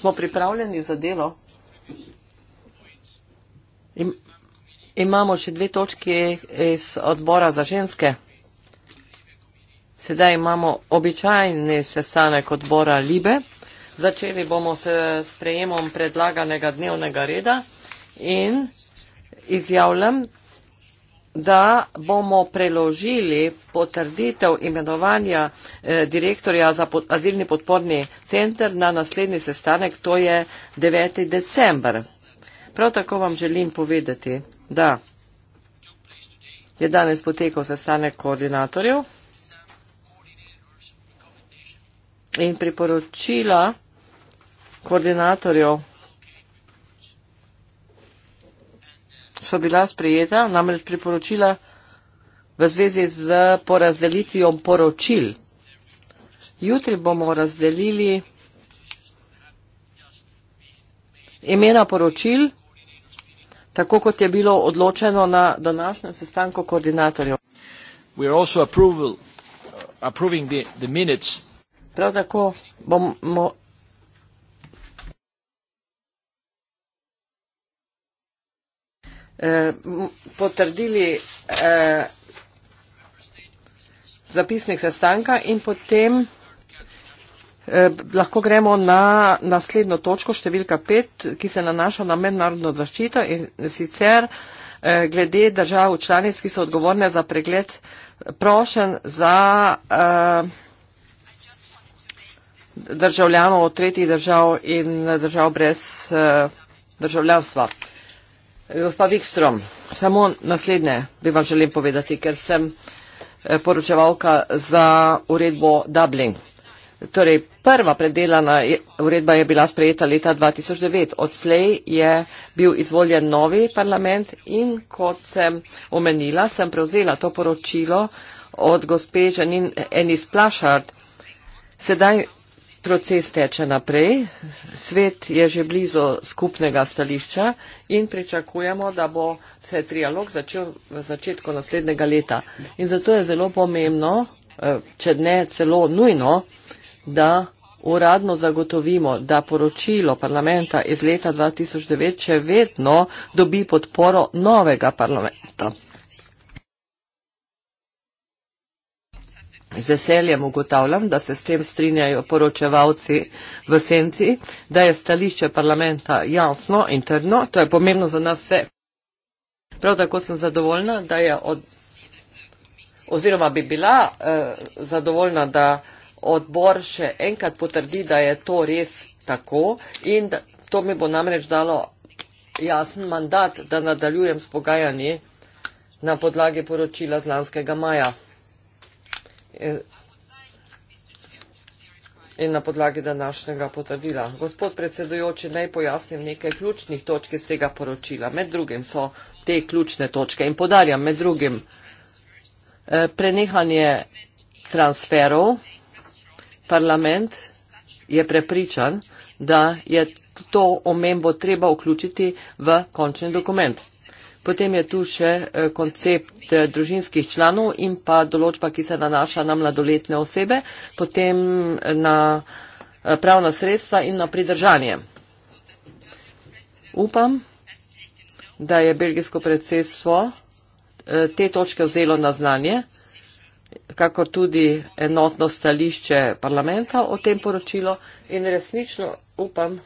Smo pripravljeni za delo? Im, imamo še dve točki iz odbora za ženske. Sedaj imamo običajni sestanek odbora Libe. Začeli bomo se sprejemom predlaganega dnevnega reda in izjavljam, da bomo preložili potrditev imenovanja eh, direktorja za azilni podporni center na naslednji sestanek, to je 9. december. Prav tako vam želim povedati, da je danes potekal sestanek koordinatorjev in priporočila koordinatorjev so bila sprejeta, namreč priporočila v zvezi z porazdelitvijo poročil. Jutri bomo razdelili imena poročil, tako kot je bilo odločeno na današnjem sestanku koordinatorjev. Uh, Prav tako bomo potrdili eh, zapisnik sestanka in potem eh, lahko gremo na naslednjo točko, številka pet, ki se nanaša na mednarodno zaščito in sicer eh, glede držav članic, ki so odgovorne za pregled prošen za eh, državljanov od tretjih držav in držav brez eh, državljanstva. Eh, Gospa Vikstrom, samo naslednje bi vam želim povedati, ker sem eh, poročevalka za uredbo Dublin. Torej, prva predelana uredba je bila sprejeta leta 2009. Odslej je bil izvoljen novi parlament in kot sem omenila, sem prevzela to poročilo od gospe Janine Enis Plašard. Sedaj proces teče naprej, svet je že blizu skupnega stališča in pričakujemo, da bo se trialog začel v začetku naslednjega leta. In zato je zelo pomembno, eh, če ne celo nujno, da uradno zagotovimo, da poročilo parlamenta iz leta 2009 še vedno dobi podporo novega parlamenta. Z veseljem ugotavljam, da se s tem strinjajo poročevalci v senci, da je stališče parlamenta jasno in trdno, to je pomembno za nas vse. Prav tako sem zadovoljna, da je od, oziroma bi bila eh, zadovoljna, da odbor še enkrat potrdi, da je to res tako in da, to mi bo namreč dalo jasen mandat, da nadaljujem s pogajanji na podlagi poročila z lanskega maja in na podlagi današnjega potrdila. Gospod predsedujoči, naj pojasnim nekaj ključnih točk iz tega poročila. Med drugim so te ključne točke in podarjam med drugim eh, prenehanje transferov. Parlament je prepričan, da je to omembo treba vključiti v končni dokument. Potem je tu še eh, koncept eh, družinskih članov in pa določba, ki se nanaša na mladoletne osebe, potem eh, na pravna sredstva in na pridržanje. Upam, da je belgijsko predsedstvo te točke vzelo na znanje, kakor tudi enotno stališče parlamenta o tem poročilo in resnično upam,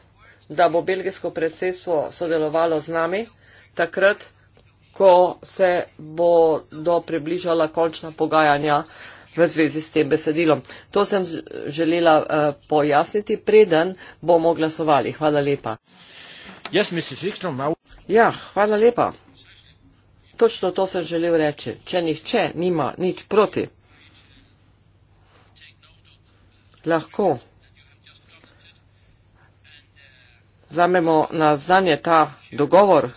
da bo belgijsko predsedstvo sodelovalo z nami takrat, ko se bodo približala končna pogajanja v zvezi s tem besedilom. To sem želela eh, pojasniti, preden bomo glasovali. Hvala lepa. Ja, hvala lepa. Točno to sem želel reči. Če nihče nima nič proti, lahko zamemo na znanje ta dogovor,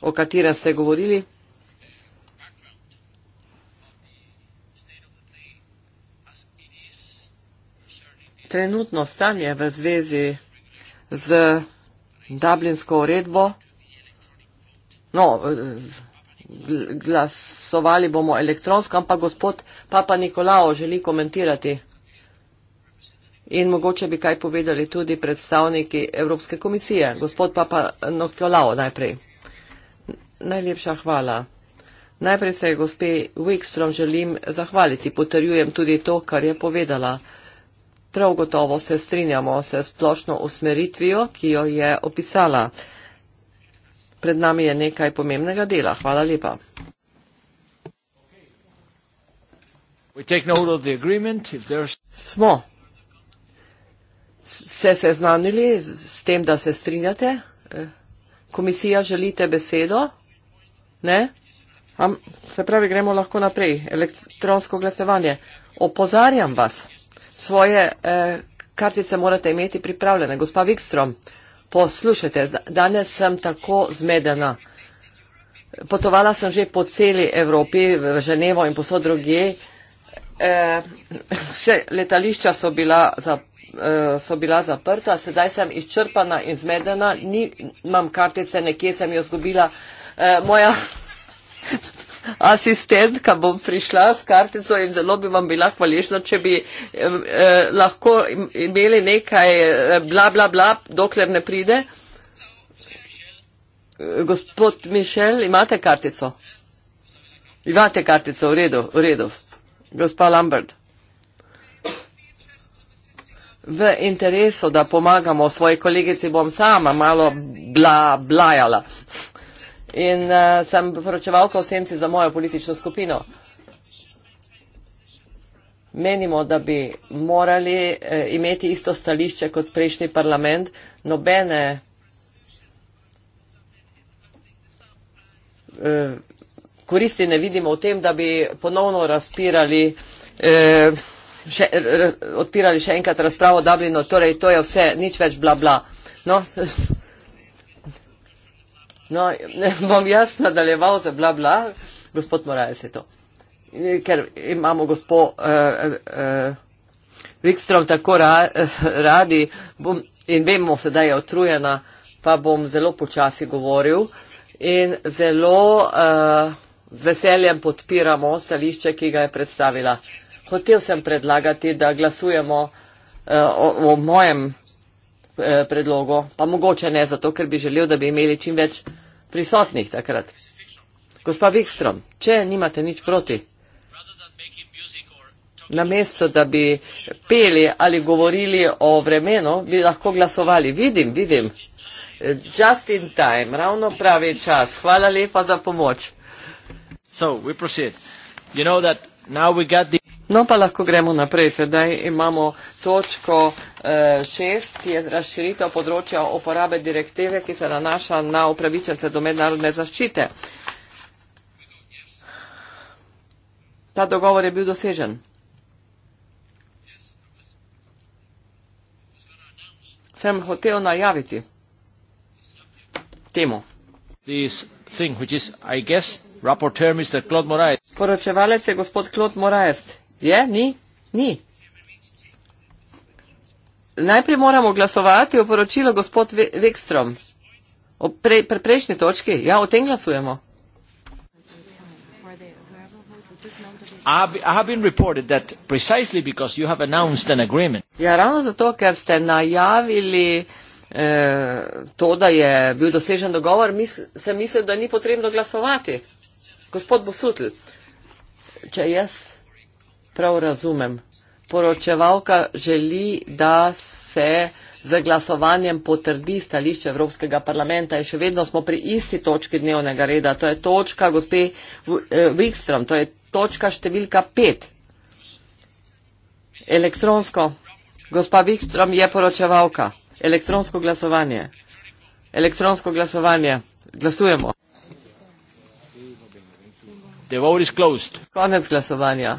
o katerem ste govorili. Trenutno stanje v zvezi z Dublinsko uredbo, no, glasovali bomo elektronsko, ampak gospod Papa Nikolao želi komentirati in mogoče bi kaj povedali tudi predstavniki Evropske komisije. Gospod Papa Nikolao najprej. Najlepša hvala. Najprej se gospe Wikstrom želim zahvaliti. Potrjujem tudi to, kar je povedala. Prav gotovo se strinjamo s splošno usmeritvijo, ki jo je opisala. Pred nami je nekaj pomembnega dela. Hvala lepa. Smo. Se seznanili s tem, da se strinjate? Eh, komisija želite besedo? Ne? Am, se pravi, gremo lahko naprej. Elektronsko glasovanje. Opozarjam vas. Svoje eh, kartice morate imeti pripravljene. Gospa Vikstrom, poslušajte, danes sem tako zmedena. Potovala sem že po celi Evropi, v Ženevo in posod drugje. Eh, vse letališča so bila, za, eh, so bila zaprta, sedaj sem izčrpana in zmedena, nimam kartice, nekje sem jo zgubila. Eh, Eh, moja asistentka bom prišla s kartico in zelo bi vam bila hvaležna, če bi eh, lahko imeli nekaj eh, bla bla bla, dokler ne pride. Gospod Mišel, imate kartico? Imate kartico, v redu, v redu. Gospa Lambert. V interesu, da pomagamo svoji kolegici, bom sama malo bla, blajala in uh, sem poročevalka v senci za mojo politično skupino. Menimo, da bi morali uh, imeti isto stališče kot prejšnji parlament, nobene uh, koristi ne vidimo v tem, da bi ponovno razpirali. Uh, Še, odpirali še enkrat razpravo o Dublinu, torej to je vse, nič več bla bla. No, No, bom jaz nadaljeval za bla bla, gospod Morales je to. Ker imamo gospo uh, eh, uh, eh, Wikstrom tako ra, uh, radi bom, in vemo se, da je otrujena, pa bom zelo počasi govoril in zelo uh, veseljem podpiramo stališče, ki ga je predstavila. Hotel sem predlagati, da glasujemo uh, o, o mojem eh, predlogu, pa mogoče ne zato, ker bi želel, da bi imeli čim več prisotnih takrat. Gospa Wikstrom, če nimate nič proti, namesto da bi peli ali govorili o vremenu, bi lahko glasovali. Vidim, vidim. Just in time, ravno pravi čas. Hvala lepa za pomoč. So, we proceed. You know that now we got the. No, pa lahko gremo naprej. Sedaj imamo točko 6, eh, ki je razširitev področja uporabe direktive, ki se nanaša na upravičence do mednarodne zaščite. Ta dogovor je bil dosežen. Sem hotel najaviti temu. Thing, is, guess, Poročevalec je gospod Klod Moraest. Je, ni, ni. Najprej moramo glasovati o poročilu gospod Vekstrom. O pre, pre, prejšnji točki, ja, o tem glasujemo. Ja, ravno zato, ker ste najavili eh, to, da je bil dosežen dogovor, mis, sem mislil, da ni potrebno glasovati. Gospod Bosutl, če jaz prav razumem. Poročevalka želi, da se z glasovanjem potrdi stališče Evropskega parlamenta in še vedno smo pri isti točki dnevnega reda. To je točka gospe eh, Wikstrom, to je točka številka pet. Elektronsko. Gospa Wikstrom je poročevalka. Elektronsko glasovanje. Elektronsko glasovanje. Glasujemo. Konec glasovanja.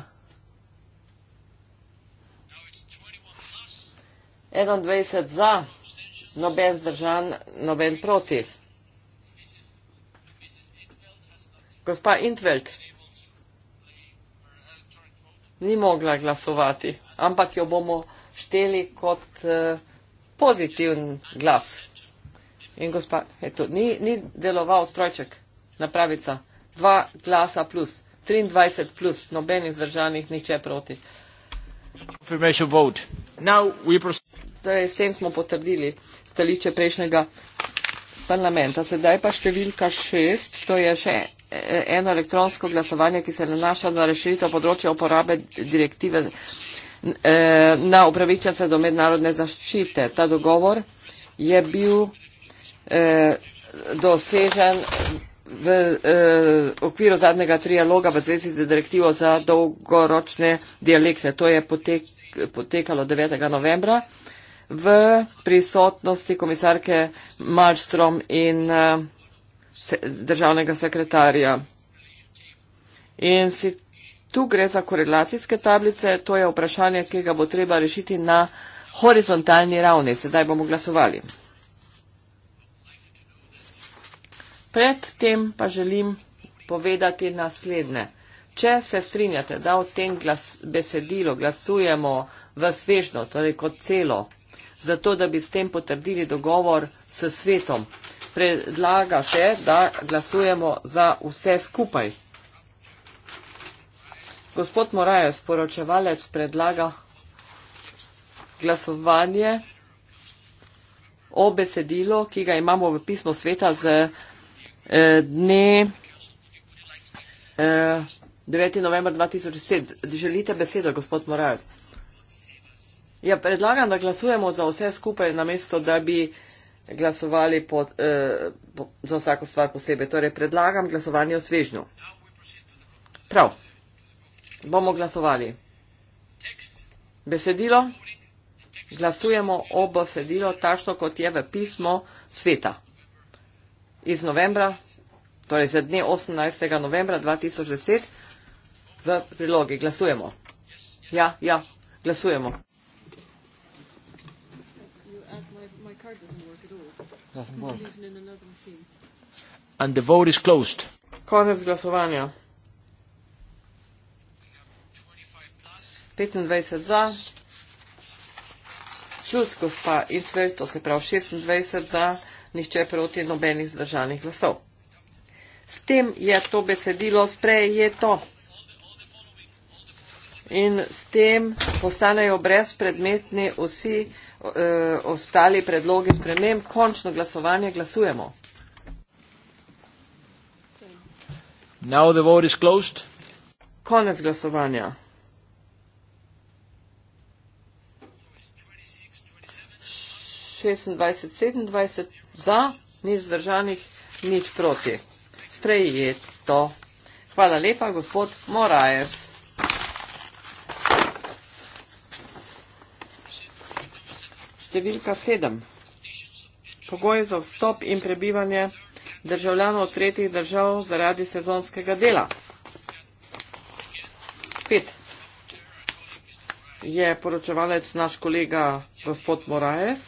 21 za, noben zdržan, noben proti. Gospa Intveld ni mogla glasovati, ampak jo bomo šteli kot eh, pozitivn glas. In gospa, eto, ni, ni deloval strojček, napravica. Dva glasa plus, 23 plus, noben izdržanih, nihče proti. Confirmation vote. Now we proceed. Torej, s tem smo potrdili stališče prejšnjega parlamenta. Sedaj pa številka šest, to je še eno elektronsko glasovanje, ki se nanaša na rešitev področja uporabe direktive eh, na upravičence do mednarodne zaščite. Ta dogovor je bil eh, dosežen v eh, okviru zadnjega trialoga v zvezi z direktivo za dolgoročne dialekte. To je potekalo 9. novembra v prisotnosti komisarke Malmström in eh, državnega sekretarja. In si tu gre za korelacijske tablice, to je vprašanje, ki ga bo treba rešiti na horizontalni ravni. Sedaj bomo glasovali. Predtem pa želim povedati naslednje. Če se strinjate, da v tem glas, besedilo glasujemo v svežno, torej kot celo, zato da bi s tem potrdili dogovor s svetom. Predlaga se, da glasujemo za vse skupaj. Gospod Morajev, sporočevalec, predlaga glasovanje o besedilo, ki ga imamo v pismo sveta z eh, dne 9. novembra 2007. Želite besedo, gospod Morajev? Ja, predlagam, da glasujemo za vse skupaj, namesto da bi glasovali po, eh, po, za vsako stvar posebej. Torej, predlagam glasovanje o svežnju. Prav. Bomo glasovali. Besedilo. Glasujemo o besedilo tašno, kot je v pismo sveta. Iz novembra, torej za dne 18. novembra 2010 v prilogi. Glasujemo. Ja, ja, glasujemo. And the vote is closed. Konec glasovanja. 25 za, plus gospa Infeld, to se pravi 26 za, nihče proti nobenih zdržanih glasov. S tem je to besedilo sprejeto. In s tem postanejo brezpredmetni vsi. Eh, ostali predlogi spremem, končno glasovanje glasujemo. Now the vote is closed. Konec glasovanja. 26, 27 za, nič zdržanih, nič proti. Sprejeto. Hvala lepa, gospod Moraes. Številka sedem. Pogoj za vstop in prebivanje državljanov tretjih držav zaradi sezonskega dela. Pet. Je poročevalec naš kolega gospod Moraes.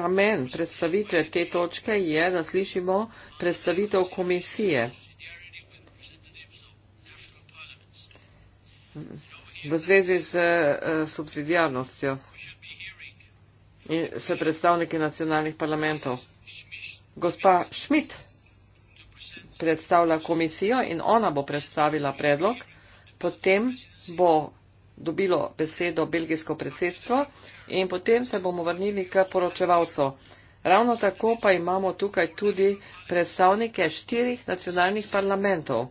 Namen predstavitve te točke je, da slišimo predstavitev komisije v zvezi z eh, subsidijarnostjo in s predstavniki nacionalnih parlamentov. Gospa Schmidt predstavlja komisijo in ona bo predstavila predlog, potem bo dobilo besedo belgijsko predsedstvo in potem se bomo vrnili k poročevalcu. Ravno tako pa imamo tukaj tudi predstavnike štirih nacionalnih parlamentov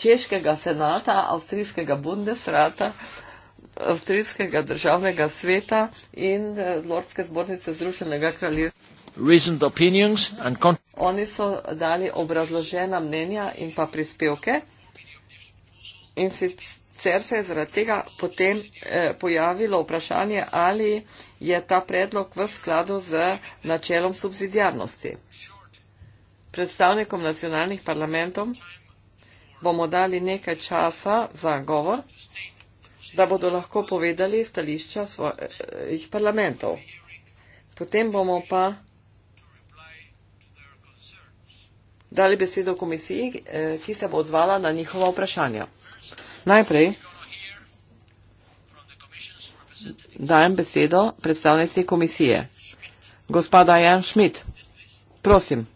češkega senata, avstrijskega bundesrata, avstrijskega državnega sveta in eh, lordske zbornice Združenega kraljestva. Recent opinions and Oni so dali obrazložena mnenja in pa prispevke in sicer se je zaradi tega potem eh, pojavilo vprašanje, ali je ta predlog v skladu z načelom subsidijarnosti. Predstavnikom nacionalnih parlamentov bomo dali nekaj časa za govor, da bodo lahko povedali stališča svojih parlamentov. Potem bomo pa dali besedo komisiji, eh, ki se bo odzvala na njihova vprašanja. Najprej dajem besedo predstavnici komisije. Gospa Dajan Schmidt, prosim.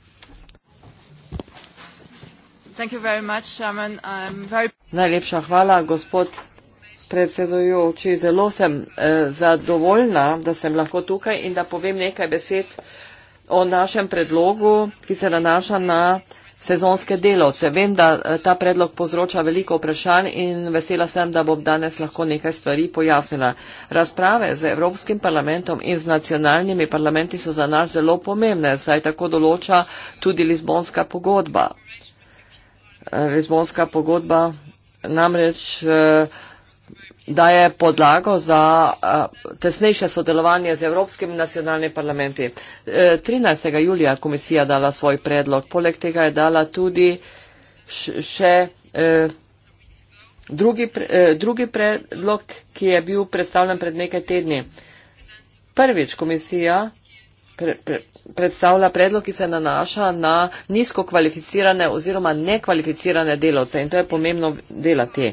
Najlepša hvala, gospod predsedujoči. Zelo sem eh, zadovoljna, da sem lahko tukaj in da povem nekaj besed o našem predlogu, ki se nanaša na sezonske delovce. Vem, da eh, ta predlog povzroča veliko vprašanj in vesela sem, da bom danes lahko nekaj stvari pojasnila. Razprave z Evropskim parlamentom in z nacionalnimi parlamenti so za nas zelo pomembne, saj tako določa tudi Lizbonska pogodba. Lizbonska pogodba namreč eh, daje podlago za eh, tesnejše sodelovanje z Evropskimi nacionalnimi parlamenti. 13. Eh, julija komisija dala svoj predlog, poleg tega je dala tudi še drugi, drugi predlog, ki je bil predstavljen pred nekaj tedni. Prvič komisija pre, pre, predstavlja predlog, ki se nanaša na nizko kvalificirane oziroma nekvalificirane delavce in to je pomembno delati.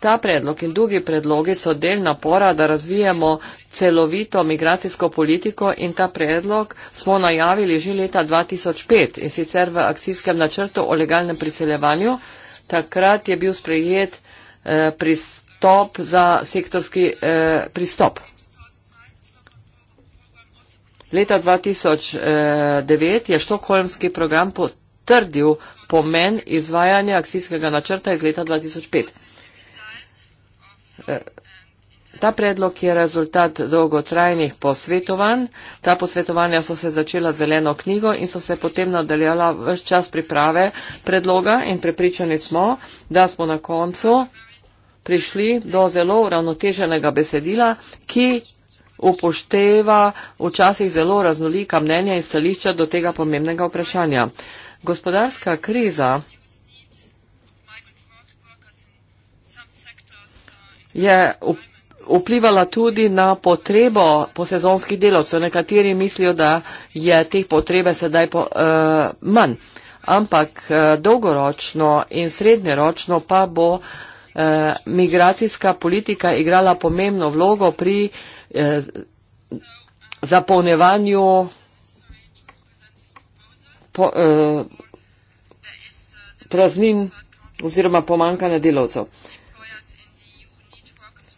Ta predlog in drugi predlogi so del napora, da razvijemo celovito migracijsko politiko in ta predlog smo najavili že leta 2005 in sicer v akcijskem načrtu o legalnem priseljevanju. Takrat je bil sprejet eh, pristop za sektorski eh, pristop. Leta 2009 eh, je štokholmski program potrdil pomen izvajanja akcijskega načrta iz leta 2005. Eh, ta predlog je rezultat dolgotrajnih posvetovanj. Ta posvetovanja so se začela zeleno knjigo in so se potem nadaljala vse čas priprave predloga in prepričani smo, da smo na koncu prišli do zelo uravnoteženega besedila, ki upošteva včasih zelo raznolika mnenja in stališča do tega pomembnega vprašanja. Gospodarska kriza je vplivala tudi na potrebo po sezonskih delovcev. Nekateri mislijo, da je teh potrebe sedaj po, uh, manj, ampak uh, dolgoročno in srednjeročno pa bo uh, migracijska politika igrala pomembno vlogo pri uh, Eh, zapolnjevanju po, eh, praznin oziroma pomankanja delovcev.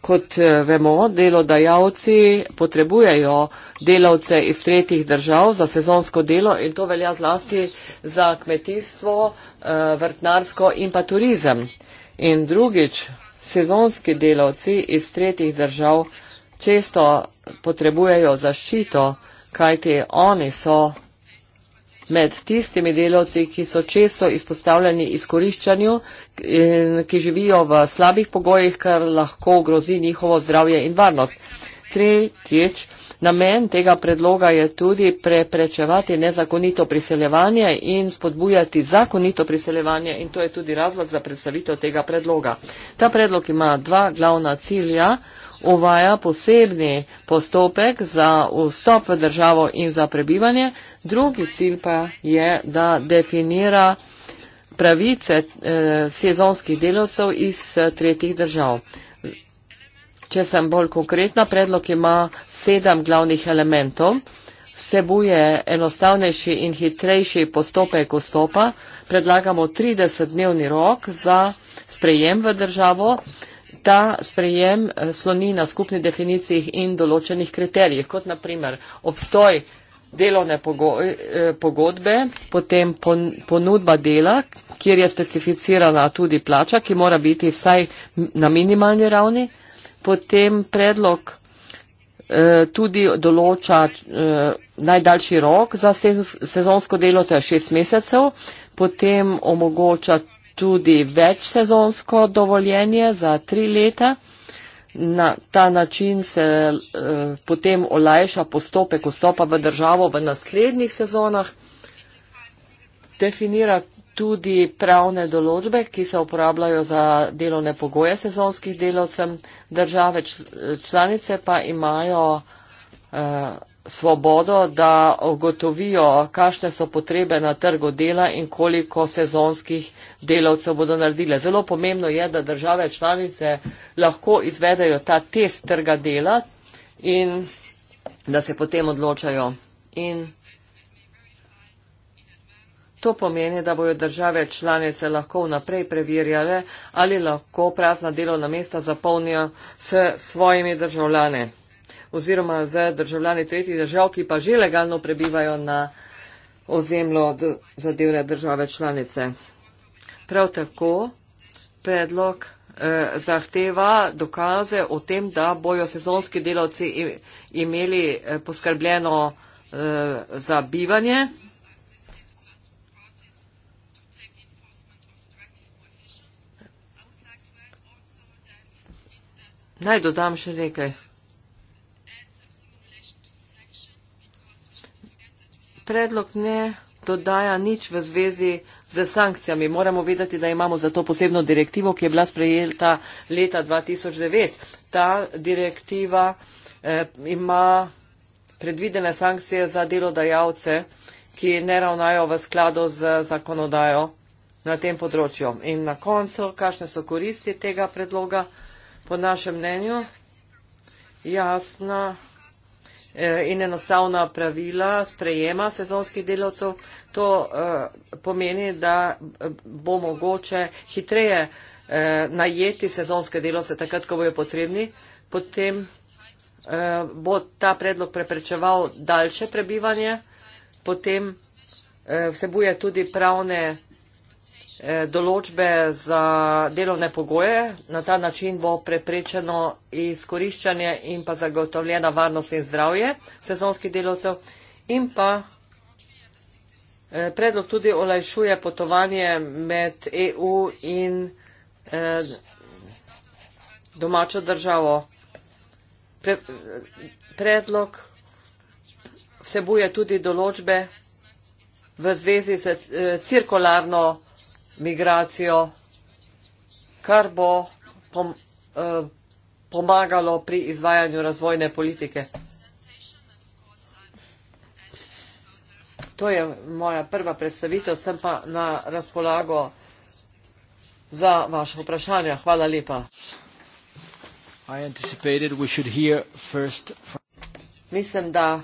Kot eh, vemo, delodajalci potrebujejo delavce iz tretjih držav za sezonsko delo in to velja zlasti za kmetijstvo, eh, vrtnarsko in pa turizem. In drugič, sezonski delavci iz tretjih držav često potrebujejo zaščito, kajti oni so med tistimi delovci, ki so često izpostavljeni izkoriščanju in ki živijo v slabih pogojih, kar lahko grozi njihovo zdravje in varnost. Tretjič, namen tega predloga je tudi preprečevati nezakonito priseljevanje in spodbujati zakonito priseljevanje in to je tudi razlog za predstavitev tega predloga. Ta predlog ima dva glavna cilja uvaja posebni postopek za vstop v državo in za prebivanje, drugi cilj pa je, da definira pravice eh, sezonskih delovcev iz eh, tretjih držav. Če sem bolj konkretna, predlog ima sedem glavnih elementov. Vsebuje enostavnejši in hitrejši postopek vstopa. Predlagamo 30-dnevni rok za sprejem v državo ta sprejem eh, sloni na skupni definicijih in določenih kriterijih, kot naprimer obstoj delovne eh, pogodbe, potem ponudba dela, kjer je specificirana tudi plača, ki mora biti vsaj na minimalni ravni, potem predlog eh, tudi določa najdaljši rok za sezonsko delo, to je šest mesecev, potem omogoča tudi večsezonsko dovoljenje za tri leta. Na ta način se eh, potem olajša postopek vstopa v državo v naslednjih sezonah. Definira tudi pravne določbe, ki se uporabljajo za delovne pogoje sezonskih delavcem. Države članice pa imajo. Eh, svobodo, da ugotovijo, kakšne so potrebe na trgu dela in koliko sezonskih delavcev bodo naredile. Zelo pomembno je, da države članice lahko izvedajo ta test trga dela in da se potem odločajo. In to pomeni, da bojo države članice lahko naprej preverjale, ali lahko prazna delovna mesta zapolnijo s svojimi državljani oziroma z državljani tretjih držav, ki pa že legalno prebivajo na ozemlju zadevne države članice. Prav tako predlog eh, zahteva dokaze o tem, da bojo sezonski delavci imeli eh, poskrbljeno eh, za bivanje. Naj dodam še nekaj. predlog ne dodaja nič v zvezi z sankcijami. Moramo vedeti, da imamo za to posebno direktivo, ki je bila sprejeta leta 2009. Ta direktiva eh, ima predvidene sankcije za delodajalce, ki ne ravnajo v skladu z zakonodajo na tem področju. In na koncu, kakšne so koristi tega predloga, po našem mnenju, jasna E, in enostavna pravila sprejema sezonskih delavcev. To e, pomeni, da bo mogoče hitreje e, najeti sezonske delavce takrat, ko bojo potrebni. Potem bo ta predlog preprečeval daljše prebivanje, potem vsebuje tudi pravne Eh, določbe za delovne pogoje. Na ta način bo preprečeno izkoriščanje in pa zagotovljena varnost in zdravje sezonskih delovcev. In pa eh, predlog tudi olajšuje potovanje med EU in eh, domačo državo. Predlog vsebuje tudi določbe v zvezi s cirkularno migracijo, kar bo pom, eh, pomagalo pri izvajanju razvojne politike. To je moja prva predstavitev, sem pa na razpolago za vaše vprašanje. Hvala lepa. Mislim, da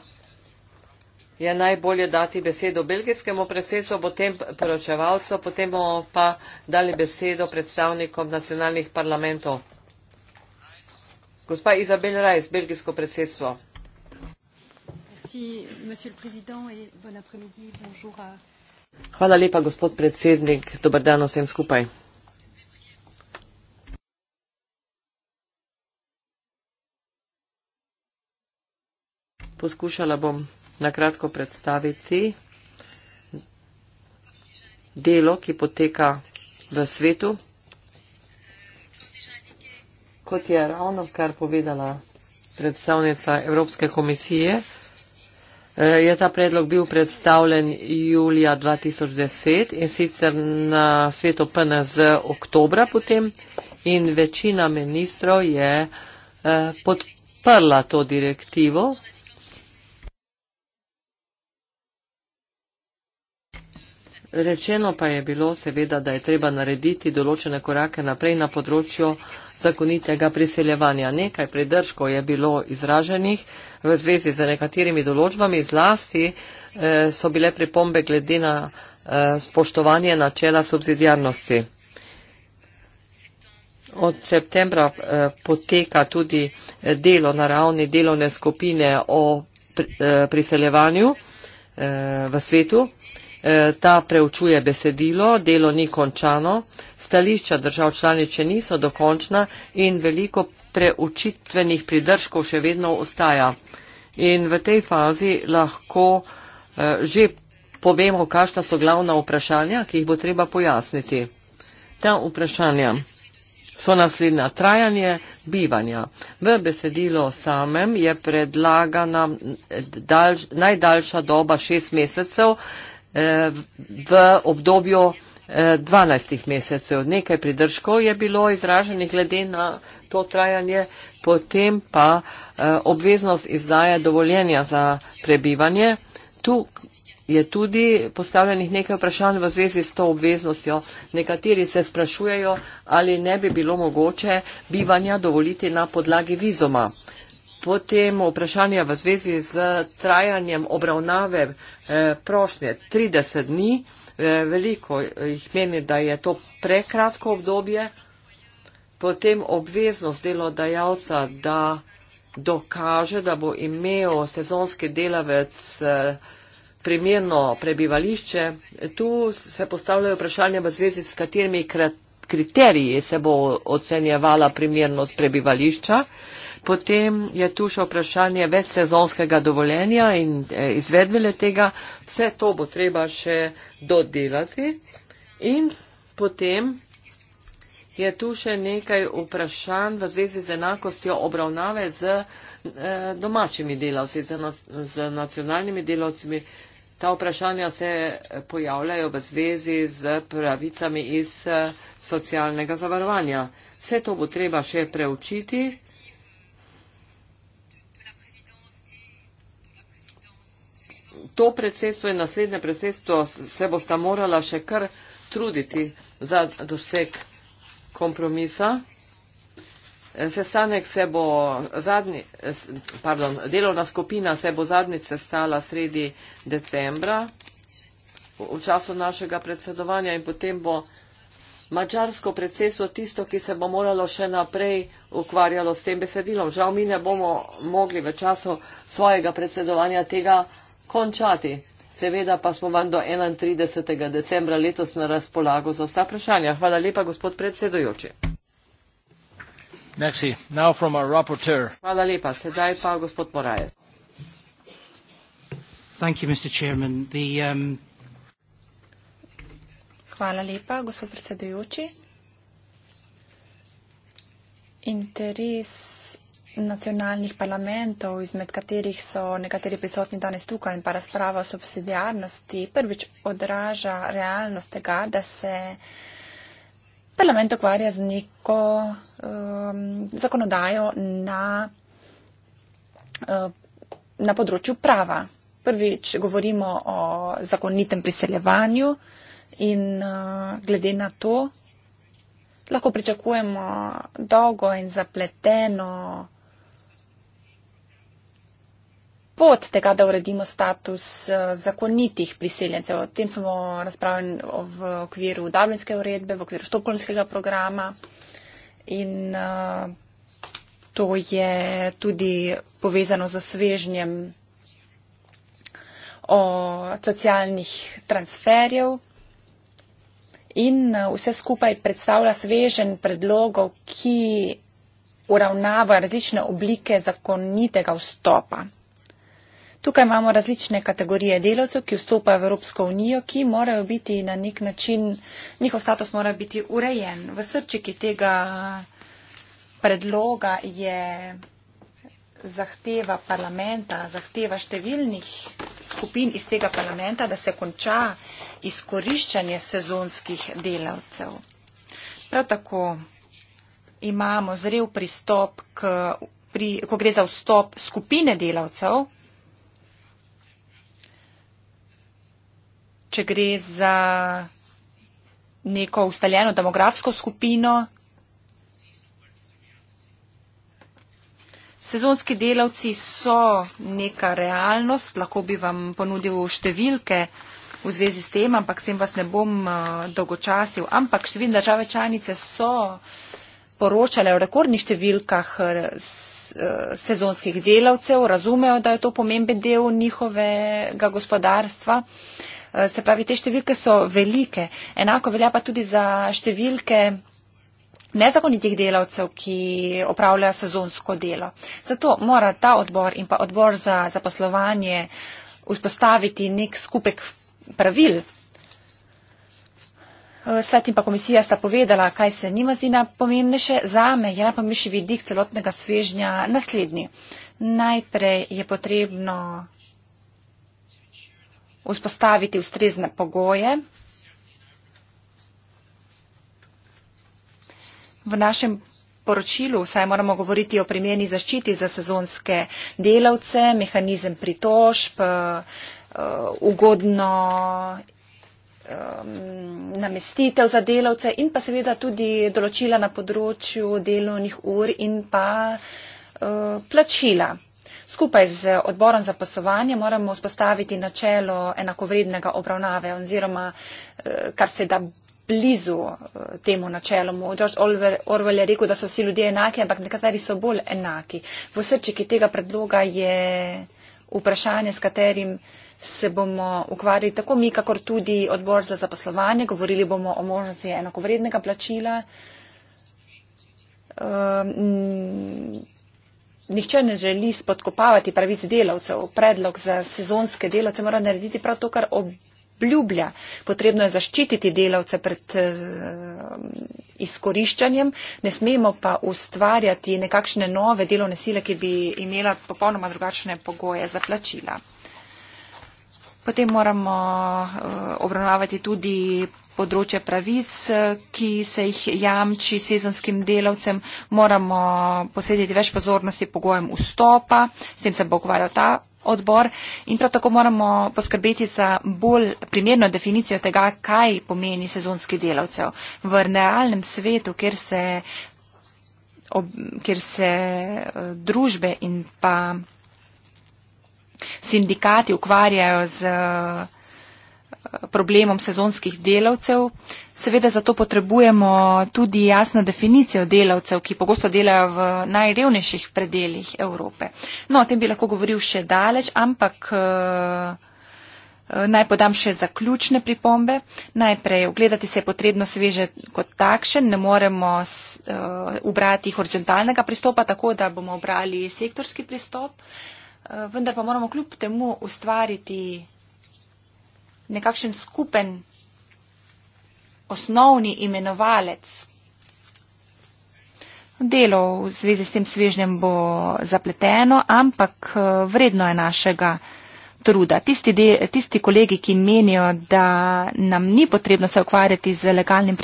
je najbolje dati besedo belgijskemu predsedstvu, potem poročevalcu, potem bomo pa dali besedo predstavnikom nacionalnih parlamentov. Gospa Izabel Rajs, belgijsko predsedstvo. Hvala lepa, gospod predsednik. Dobar dan vsem skupaj. Poskušala bom nakratko predstaviti delo, ki poteka v svetu, kot je ravno kar povedala predstavnica Evropske komisije. Eh, je ta predlog bil predstavljen julija 2010 in sicer na svetu PNZ oktobra potem in večina ministrov je eh, podprla to direktivo Rečeno pa je bilo seveda, da je treba narediti določene korake naprej na področju zakonitega priseljevanja. Nekaj predržkov je bilo izraženih v zvezi z nekaterimi določbami, zlasti eh, so bile pripombe glede na eh, spoštovanje načela subsidijarnosti. Od septembra eh, poteka tudi delo na ravni delovne skupine o priseljevanju v svetu. Eh, ta preučuje besedilo, delo ni končano, stališča držav članiče niso dokončna in veliko preučitvenih pridržkov še vedno ostaja. In v tej fazi lahko eh, že povemo, kakšna so glavna vprašanja, ki jih bo treba pojasniti. Ta vprašanja so naslednja. Trajanje bivanja. V besedilo samem je predlagana eh, daljš, najdaljša doba šest mesecev, Eh, v obdobju 12 eh, mesecev. Nekaj pridržkov je bilo izraženih glede na to trajanje, potem pa eh, obveznost izdaje dovoljenja za prebivanje. Tu je tudi postavljenih nekaj vprašanj v zvezi s to obveznostjo. Nekateri se sprašujejo, ali ne bi bilo mogoče bivanja dovoliti na podlagi vizoma. Potem vprašanje v zvezi z trajanjem obravnave eh, prošnje 30 dni. Eh, veliko jih meni, da je to prekratko obdobje. Potem obveznost delodajalca, da dokaže, da bo imel sezonski delavec eh, primerno prebivališče. Tu se postavljajo vprašanje v zvezi s katerimi kriteriji se bo ocenjevala primernost prebivališča. Potem je tu še vprašanje več sezonskega dovoljenja in eh, izvedbele tega. Vse to bo treba še dodelati. In potem je tu še nekaj vprašanj v zvezi z enakostjo obravnave z eh, domačimi delavci, z nacionalnimi delavci. Ta vprašanja se pojavljajo v zvezi z pravicami iz eh, socialnega zavarovanja. Vse to bo treba še preučiti. to predsedstvo in naslednje predsedstvo se bosta morala še kar truditi za doseg kompromisa. Sestanek se bo zadnji, pardon, delovna skupina se bo zadnjič sestala sredi decembra v času našega predsedovanja in potem bo mačarsko predsedstvo tisto, ki se bo moralo še naprej ukvarjalo s tem besedilom. Žal mi ne bomo mogli v času svojega predsedovanja tega končati. Seveda pa smo vam do 31. decembra letos na razpolago za vsa vprašanja. Hvala lepa, gospod predsedujoči. Merci. Now from our rapporteur. Hvala lepa. Sedaj pa gospod Morajec. Thank you, Mr. Chairman. The, um... Hvala lepa, gospod predsedujoči. Interes nacionalnih parlamentov, izmed katerih so nekateri prisotni danes tukaj in pa razprava o subsidijarnosti, prvič odraža realnost tega, da se parlament ukvarja z neko um, zakonodajo na, uh, na področju prava. Prvič govorimo o zakonitem priseljevanju in uh, glede na to lahko pričakujemo dolgo in zapleteno pot tega, da uredimo status eh, zakonitih priseljencev. O tem smo razpravljali v okviru Dablinske uredbe, v okviru Štokholmskega programa. In eh, to je tudi povezano z svežnjem o socialnih transferjev. In eh, vse skupaj predstavlja svežen predlogov, ki uravnava različne oblike zakonitega vstopa. Tukaj imamo različne kategorije delavcev, ki vstopajo v Evropsko unijo, ki morajo biti na nek način, njihov status mora biti urejen. V srčiki tega predloga je zahteva parlamenta, zahteva številnih skupin iz tega parlamenta, da se konča izkoriščanje sezonskih delavcev. Prav tako imamo zrel pristop, k, pri, ko gre za vstop skupine delavcev, če gre za neko ustaljeno demografsko skupino. Sezonski delavci so neka realnost, lahko bi vam ponudil številke v zvezi s tem, ampak s tem vas ne bom eh, dolgočasil. Ampak številne države članice so poročale o rekordnih številkah eh, eh, sezonskih delavcev, razumejo, da je to pomemben del njihovega gospodarstva. Eh, se pravi, te številke so velike. Enako velja pa tudi za številke nezakonitih delavcev, ki opravljajo sezonsko delo. Zato mora ta odbor in pa odbor za zaposlovanje vzpostaviti nek skupek pravil. Eh, svet in pa komisija sta povedala, kaj se njima zdi najpomembnejše. Za me je najpomembnejši vidik celotnega svežnja naslednji. Najprej je potrebno vzpostaviti ustrezne pogoje. V našem poročilu vsaj moramo govoriti o primerni zaščiti za sezonske delavce, mehanizem pritožb, eh, eh, ugodno namestitev za delavce in pa seveda tudi določila na področju delovnih ur in pa eh, plačila. Skupaj z odborom za poslovanje moramo vzpostaviti načelo enakovrednega obravnave oziroma eh, kar se da blizu eh, temu načelomu. George Orwell je rekel, da so vsi ljudje enaki, ampak nekateri so bolj enaki. V srčiki tega predloga je vprašanje, s katerim se bomo ukvarjali tako mi, kakor tudi odbor za zaposlovanje. Govorili bomo o možnosti enakovrednega plačila. Um, nihče ne želi spodkopavati pravic delavcev. Predlog za sezonske delavce mora narediti prav to, kar obljublja. Potrebno je zaščititi delavce pred eh, izkoriščanjem, ne smemo pa ustvarjati nekakšne nove delovne sile, ki bi imela popolnoma drugačne pogoje za plačila. Potem moramo eh, obravnavati tudi področja pravic, eh, ki se jih jamči sezonskim delavcem, moramo posvetiti več pozornosti pogojem vstopa, s tem se bo ukvarjal ta odbor in prav tako moramo poskrbeti za bolj primerno definicijo tega, kaj pomeni sezonski delavcev. V realnem svetu, kjer se, ob, kjer se eh, družbe in pa sindikati ukvarjajo z problemom sezonskih delavcev. Seveda zato potrebujemo tudi jasno definicijo delavcev, ki pogosto delajo v najrevnejših predeljih Evrope. No, o tem bi lahko govoril še daleč, ampak eh, eh, naj podam še zaključne pripombe. Najprej, ogledati se je potrebno sveže kot takšen, ne moremo eh, ubrati horizontalnega pristopa, tako da bomo obrali sektorski pristop. Vendar pa moramo kljub temu ustvariti nekakšen skupen osnovni imenovalec. Delo v zvezi s tem svežnjem bo zapleteno, ampak eh, vredno je našega truda. Tisti, de, tisti kolegi, ki menijo, da nam ni potrebno se ukvarjati z legalnim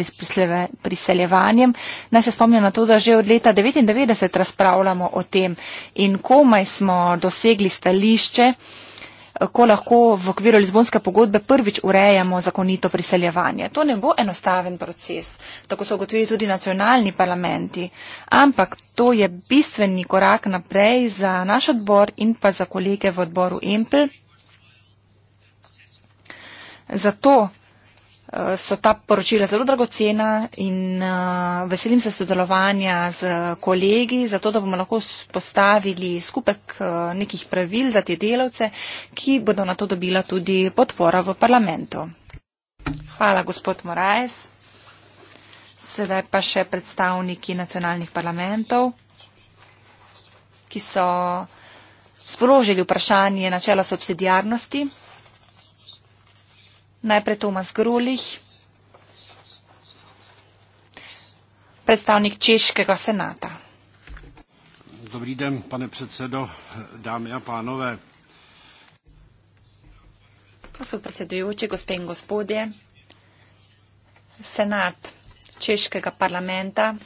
priseljevanjem, naj se spomnijo na to, da že od leta 1999 razpravljamo o tem in komaj smo dosegli stališče, ko lahko v okviru Lizbonske pogodbe prvič urejamo zakonito priseljevanje. To ne bo enostaven proces, tako so ugotovili tudi nacionalni parlamenti, ampak to je bistveni korak naprej za naš odbor in pa za kolege v odboru EMPL. Zato Eh, so ta poročila zelo dragocena in eh, veselim se sodelovanja z kolegi, zato da bomo lahko postavili skupek eh, nekih pravil za te delavce, ki bodo na to dobila tudi podpora v parlamentu. Hvala, gospod Moraes. Sedaj pa še predstavniki nacionalnih parlamentov, ki so sprožili vprašanje načela subsidijarnosti. Najprej Tomas Grolih, predstavnik Češkega senata. Dobrý den, pane předsedo, dámy a pánové. Gospod predsedujoči, gospe in gospodje, senat Češkega parlamenta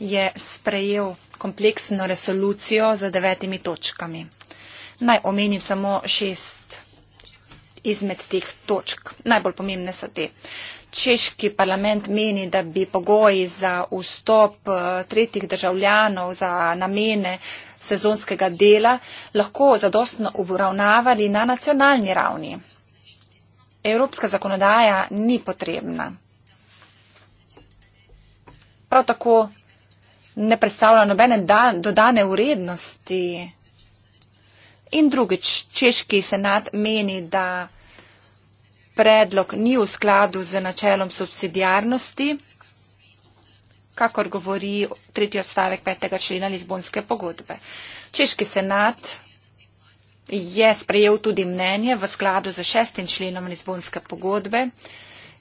je sprejel kompleksno resolucijo z devetimi točkami. Naj omenim samo šest izmed teh točk. Najbolj pomembne so te. Češki parlament meni, da bi pogoji za vstop eh, tretjih državljanov za namene sezonskega dela lahko zadostno uravnavali na nacionalni ravni. Evropska zakonodaja ni potrebna. Prav tako ne predstavlja nobene dodane vrednosti. In drugič, češki senat meni, da predlog ni v skladu z načelom subsidijarnosti, kakor govori tretji odstavek 5. člena Lizbonske pogodbe. Češki senat je sprejel tudi mnenje v skladu z šestim členom Lizbonske pogodbe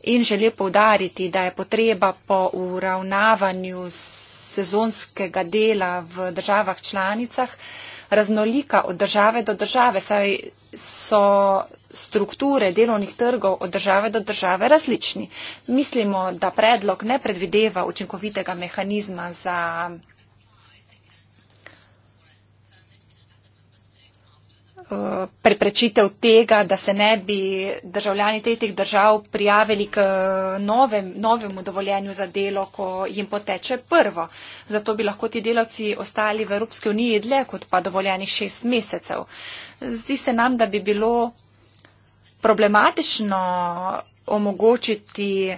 in želel povdariti, da je potreba po uravnavanju sezonskega dela v državah članicah raznolika od države do države, saj so strukture delovnih trgov od države do države različni. Mislimo, da predlog ne predvideva učinkovitega mehanizma za Eh, preprečitev tega, da se ne bi državljani tretjih držav prijavili k novem, novemu dovoljenju za delo, ko jim poteče prvo. Zato bi lahko ti delavci ostali v Evropski uniji dlje kot pa dovoljenih šest mesecev. Zdi se nam, da bi bilo problematično omogočiti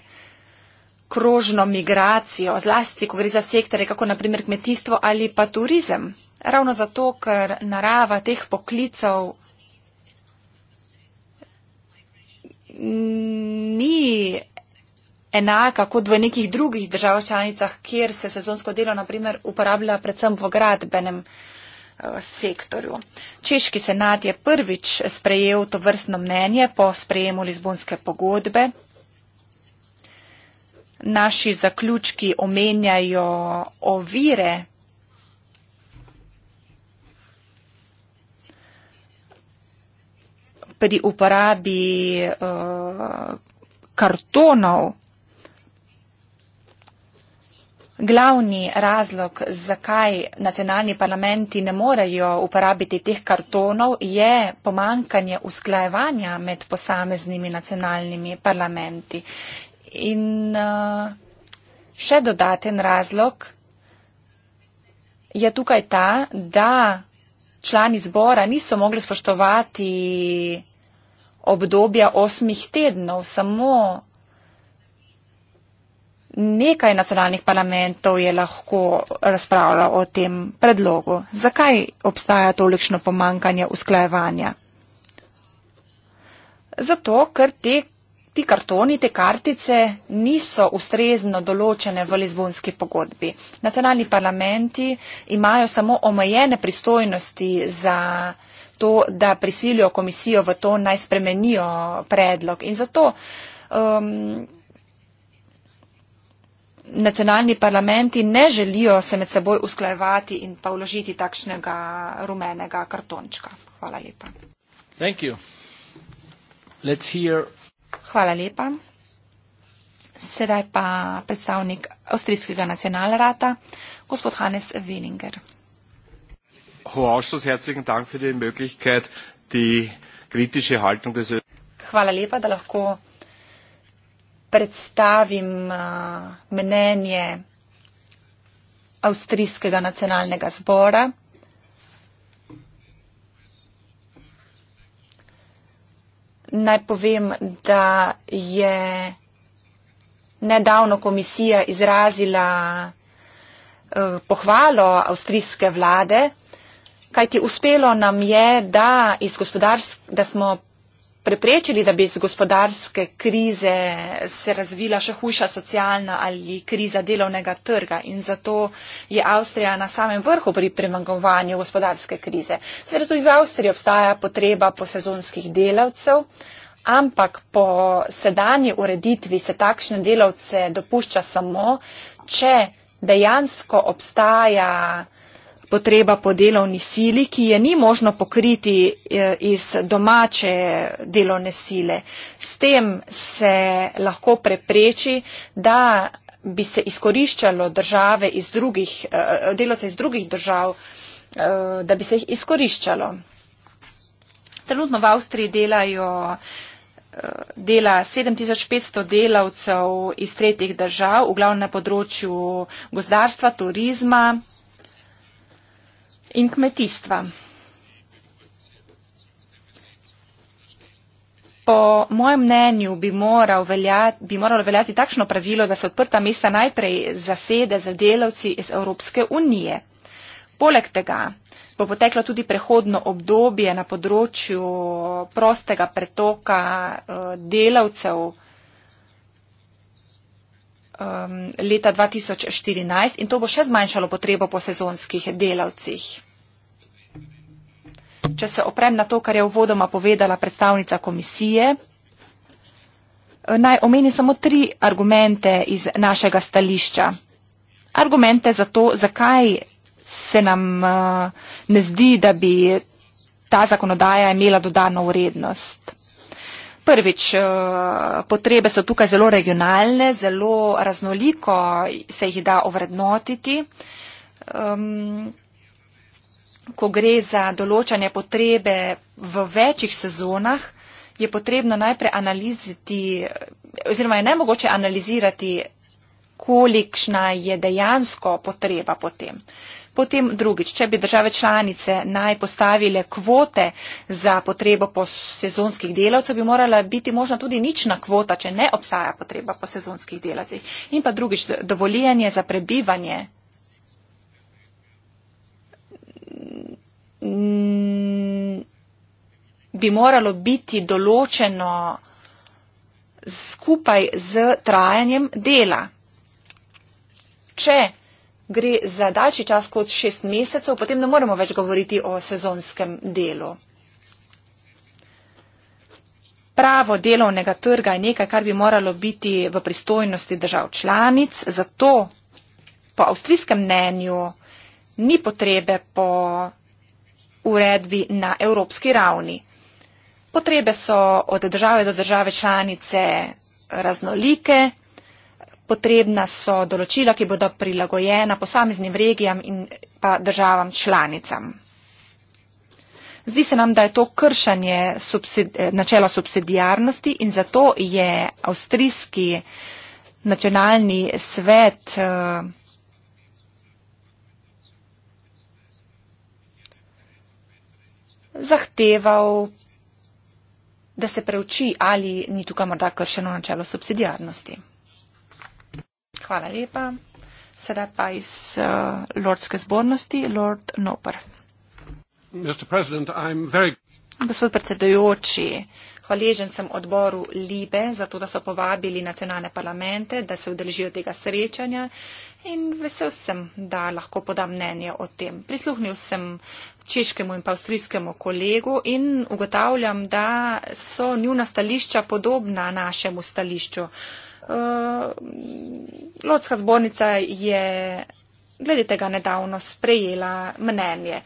krožno migracijo, zlasti, ko gre za sektore, kako naprimer kmetijstvo ali pa turizem. Ravno zato, ker narava teh poklicov ni enaka kot v nekih drugih državah članicah, kjer se sezonsko delo naprimer uporablja predvsem v gradbenem eh, sektorju. Češki senat je prvič sprejel to vrstno mnenje po sprejemu Lizbonske pogodbe. Naši zaključki omenjajo ovire pri uporabi uh, kartonov glavni razlog, zakaj nacionalni parlamenti ne morejo uporabiti teh kartonov, je pomankanje usklajevanja med posameznimi nacionalnimi parlamenti. In uh, še dodaten razlog je tukaj ta, da člani zbora niso mogli spoštovati obdobja osmih tednov. Samo nekaj nacionalnih parlamentov je lahko razpravljalo o tem predlogu. Zakaj obstaja tolikšno pomankanje usklajevanja? Zato, ker te, ti kartoni, te kartice niso ustrezno določene v Lizbonski pogodbi. Nacionalni parlamenti imajo samo omejene pristojnosti za to, da prisilijo komisijo v to, naj spremenijo predlog. In zato um, nacionalni parlamenti ne želijo se med seboj usklajevati in pa vložiti takšnega rumenega kartončka. Hvala lepa. Hvala lepa. Sedaj pa predstavnik Avstrijskega nacionalrata, gospod Hannes Willinger. Ausschuss, herzlichen Dank für die Möglichkeit, die kritische Haltung des Hvala lepa, da lahko predstavim uh, mnenje Avstrijskega nacionalnega zbora. Naj povem, da je nedavno komisija izrazila uh, pohvalo avstrijske vlade, Kajti uspelo nam je, da, da smo preprečili, da bi iz gospodarske krize se razvila še hujša socialna ali kriza delovnega trga. In zato je Avstrija na samem vrhu pri premagovanju gospodarske krize. Sveda tudi v Avstriji obstaja potreba po sezonskih delavcev. Ampak po sedanji ureditvi se takšne delavce dopušča samo, če dejansko obstaja uh, potreba po delovni sili, ki je ni možno pokriti eh, iz domače delovne sile. S tem se lahko prepreči, da bi se izkoriščalo države iz drugih, eh, delovce iz drugih držav, eh, da bi se jih izkoriščalo. Trenutno v Avstriji delajo, dela 7500 delavcev iz tretjih držav, v glavnem na področju gozdarstva, turizma in kmetijstva. Po mojem mnenju bi, moral veljati, bi moralo veljati takšno pravilo, da se odprta mesta najprej zasede za delavci iz Evropske unije. Poleg tega bo poteklo tudi prehodno obdobje na področju prostega pretoka eh, delavcev um, leta 2014 in to bo še zmanjšalo potrebo po sezonskih delavcih. Če se oprem na to, kar je uvodoma povedala predstavnica komisije, eh, naj omenim samo tri argumente iz našega stališča. Argumente za to, zakaj se nam eh, ne zdi, da bi ta zakonodaja imela dodano vrednost. Prvič, eh, potrebe so tukaj zelo regionalne, zelo raznoliko se jih da ovrednotiti. Um, ko gre za določanje potrebe v večjih sezonah, je potrebno najprej analiziti, oziroma je nemogoče analizirati, kolikšna je dejansko potreba potem. Potem drugič, če bi države članice naj postavile kvote za potrebo po sezonskih delavcev, bi morala biti možno tudi nična kvota, če ne obstaja potreba po sezonskih delavcih. In pa drugič, dovoljenje za prebivanje. Mm, bi moralo biti določeno skupaj z trajanjem dela. Če gre za daljši čas kot šest mesecev, potem ne moremo več govoriti o sezonskem delu. Pravo delovnega trga je nekaj, kar bi moralo biti v pristojnosti držav članic, zato po avstrijskem mnenju ni potrebe po uredbi na evropski ravni. Potrebe so od države do države članice raznolike. Potrebna so določila, ki bodo prilagojena posameznim regijam in pa državam članicam. Zdi se nam, da je to kršanje subsidi načela subsidijarnosti in zato je avstrijski nacionalni svet eh, zahteval, da se preuči, ali ni tukaj morda kršeno načelo subsidijarnosti. Hvala lepa. Sedaj pa iz uh, lordske zbornosti, lord Noper. Very... Gospod predsedujoči, hvaležen sem odboru Libe za to, da so povabili nacionalne parlamente, da se udeležijo tega srečanja in vesel sem, da lahko podam mnenje o tem. Prisluhnil sem češkemu in pa avstrijskemu kolegu in ugotavljam, da so njuna stališča podobna našemu stališču. Uh, Eh, Lotska zbornica je glede tega nedavno sprejela mnenje.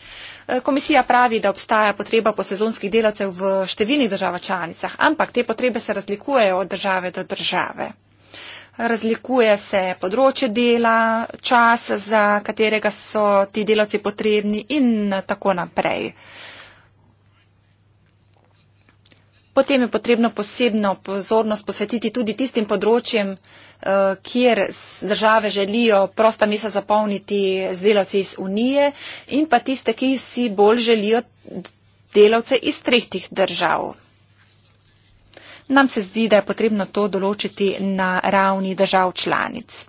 Eh, komisija pravi, da obstaja potreba po sezonskih delavcev v številnih državah članicah, ampak te potrebe se razlikujejo od države do države. Razlikuje se področje dela, čas, za katerega so ti delavci potrebni in tako naprej. Uh, Potem je potrebno posebno pozornost posvetiti tudi tistim področjem, eh, kjer države želijo prosta mesta zapolniti z delavci iz Unije in pa tiste, ki si bolj želijo delavce iz tretjih držav. Nam se zdi, da je potrebno to določiti na ravni držav članic.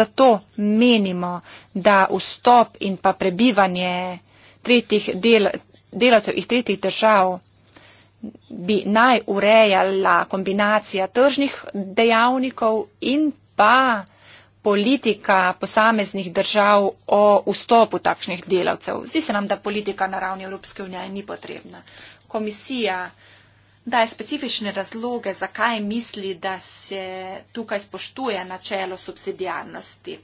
Zato menimo, da vstop in pa prebivanje tretjih del, delavcev iz tretjih držav bi naj urejala kombinacija tržnih dejavnikov in pa politika posameznih držav o vstopu takšnih delavcev. Zdi se nam, da politika na ravni Evropske unije ni potrebna. Komisija daje specifične razloge, zakaj misli, da se tukaj spoštuje načelo subsidijarnosti.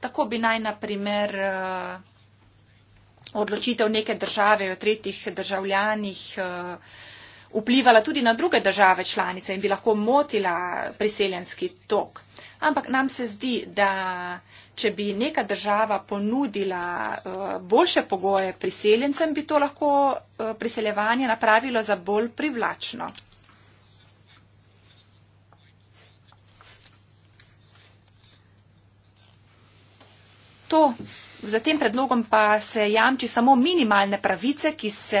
Tako bi naj na primer eh, odločitev neke države o tretjih državljanih eh, vplivala tudi na druge države članice in bi lahko motila priseljenski tok. Ampak nam se zdi, da če bi neka država ponudila eh, boljše pogoje priseljencem, bi to lahko eh, priseljevanje napravilo za bolj privlačno. To Za tem predlogom pa se jamči samo minimalne pravice, ki se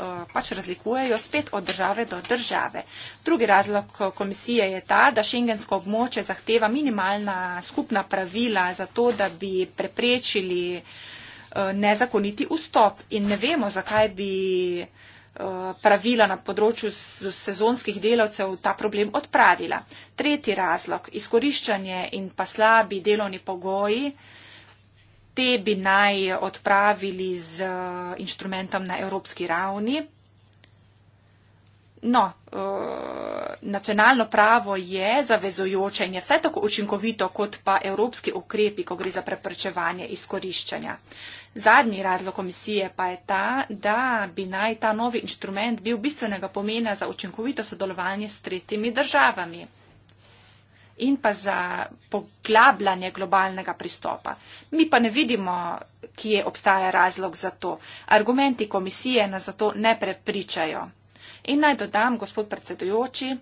uh, pač razlikujejo spet od države do države. Drugi razlog eh, komisije je ta, da šengensko območje zahteva minimalna skupna pravila za to, da bi preprečili uh, nezakoniti vstop in ne vemo, zakaj bi pravila na področju sezonskih delavcev ta problem odpravila. Tretji razlog, izkoriščanje in pa slabi delovni pogoji uh, Te bi naj odpravili z eh, inštrumentom na evropski ravni. No, eh, nacionalno pravo je zavezojoče in je vsaj tako učinkovito, kot pa evropski ukrepi, ko gre za preprečevanje izkoriščanja. Zadnji razlog komisije pa je ta, da bi naj ta novi inštrument bil bistvenega pomena za učinkovito sodelovanje s tretjimi državami in pa za poglabljanje globalnega pristopa. Mi pa ne vidimo, kje obstaja razlog za to. Argumenti komisije nas zato ne prepričajo. In naj dodam, gospod predsedujoči,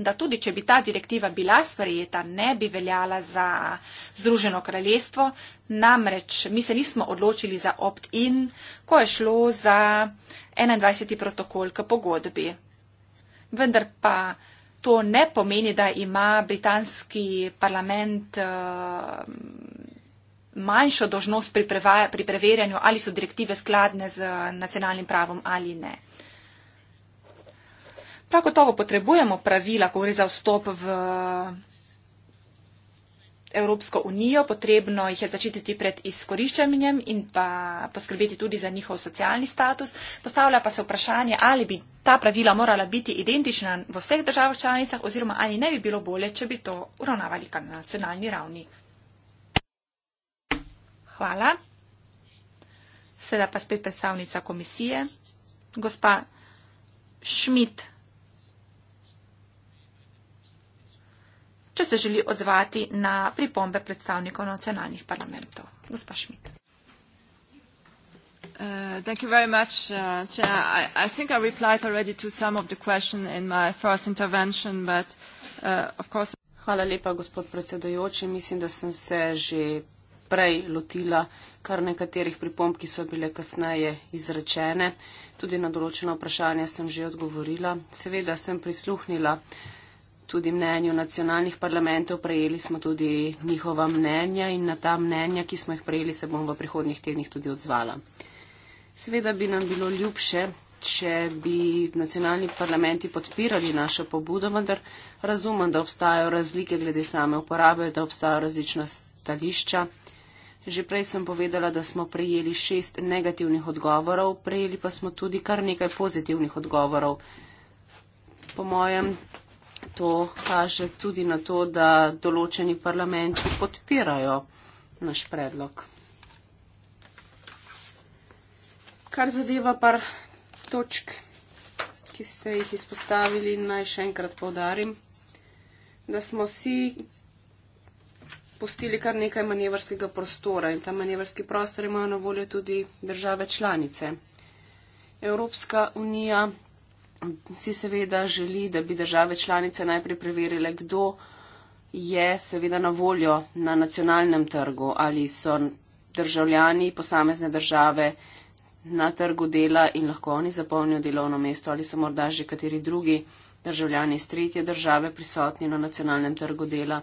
da tudi, če bi ta direktiva bila sprejeta, ne bi veljala za Združeno kraljestvo, namreč mi se nismo odločili za opt-in, ko je šlo za 21. protokol k pogodbi. Vendar pa To ne pomeni, da ima britanski parlament eh, manjšo dožnost pri, preva, pri preverjanju, ali so direktive skladne z nacionalnim pravom ali ne. Prav gotovo potrebujemo pravila, ko gre za vstop v Evropsko unijo, potrebno jih je začititi pred izkoriščanjem in pa poskrbeti tudi za njihov socialni status. Postavlja pa se vprašanje, ali bi ta pravila morala biti identična v vseh državah članicah oziroma ali ne bi bilo bolje, če bi to uravnavali kar na nacionalni ravni. Hvala. Sedaj pa spet predstavnica komisije, gospa Šmit. če se želi odzvati na pripombe predstavnikov nacionalnih parlamentov. Gospa Šmit. Uh, thank you very much, uh, Chair. I, I think I replied already to some of the questions in my first intervention, but uh, of course. Hvala lepa, gospod predsedujoči. Mislim, da sem se že prej lotila kar nekaterih pripomb, ki so bile kasneje izrečene. Tudi na določena vprašanja sem že odgovorila. Seveda sem prisluhnila uh, tudi mnenju nacionalnih parlamentov, prejeli smo tudi njihova mnenja in na ta mnenja, ki smo jih prejeli, se bom v prihodnjih tednih tudi odzvala. Seveda bi nam bilo ljubše, če bi nacionalni parlamenti podpirali našo pobudo, vendar razumem, da obstajajo razlike glede same uporabe, da obstajajo različna stališča. Že prej sem povedala, da smo prejeli šest negativnih odgovorov, prejeli pa smo tudi kar nekaj pozitivnih odgovorov. Po mojem to kaže tudi na to, da določeni parlamenti podpirajo naš predlog. Kar zadeva par točk, ki ste jih izpostavili, naj še enkrat povdarim, da smo si postili kar nekaj manevrskega prostora in ta manevrski prostor imajo na voljo tudi države članice. Evropska unija si seveda želi, da bi države članice najprej preverile, kdo je seveda na voljo na nacionalnem trgu, ali so državljani posamezne države na trgu dela in lahko oni zapolnijo delovno mesto, ali so morda že kateri drugi državljani iz tretje države prisotni na nacionalnem trgu dela.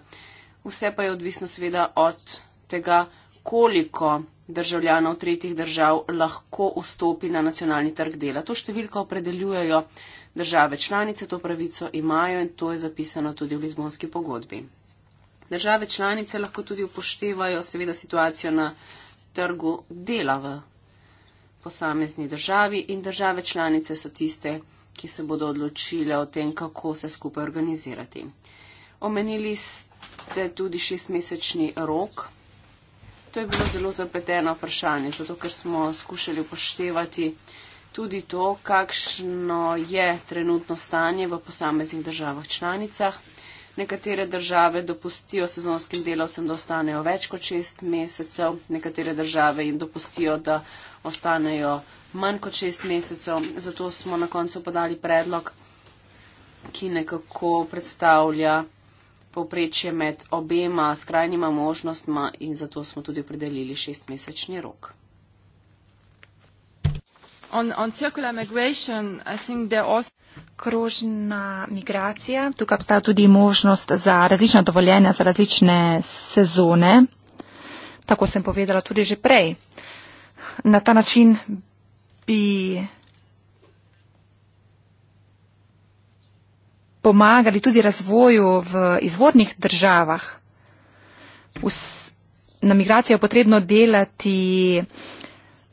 Vse pa je odvisno seveda od tega, koliko državljanov tretjih držav lahko vstopi na nacionalni trg dela. To številko opredeljujejo države članice, to pravico imajo in to je zapisano tudi v Lizbonski pogodbi. Države članice lahko tudi upoštevajo seveda situacijo na trgu dela v posamezni državi in države članice so tiste, ki se bodo odločile o tem, kako se skupaj organizirati. Omenili ste tudi šestmesečni rok to je bilo zelo zapleteno vprašanje, zato ker smo skušali upoštevati tudi to, kakšno je trenutno stanje v posameznih državah članicah. Nekatere države dopustijo sezonskim delavcem, da ostanejo več kot šest mesecev, nekatere države jim dopustijo, da ostanejo manj kot šest mesecev. Zato smo na koncu podali predlog, ki nekako predstavlja povprečje med obema skrajnima možnostma in zato smo tudi opredelili šestmesečni rok. On, on Krožna migracija, tukaj obstaja tudi možnost za različna dovoljenja za različne sezone. Tako sem povedala tudi že prej. Na ta način bi pomagali tudi razvoju v izvornih državah. Vs, na migracijo je potrebno delati,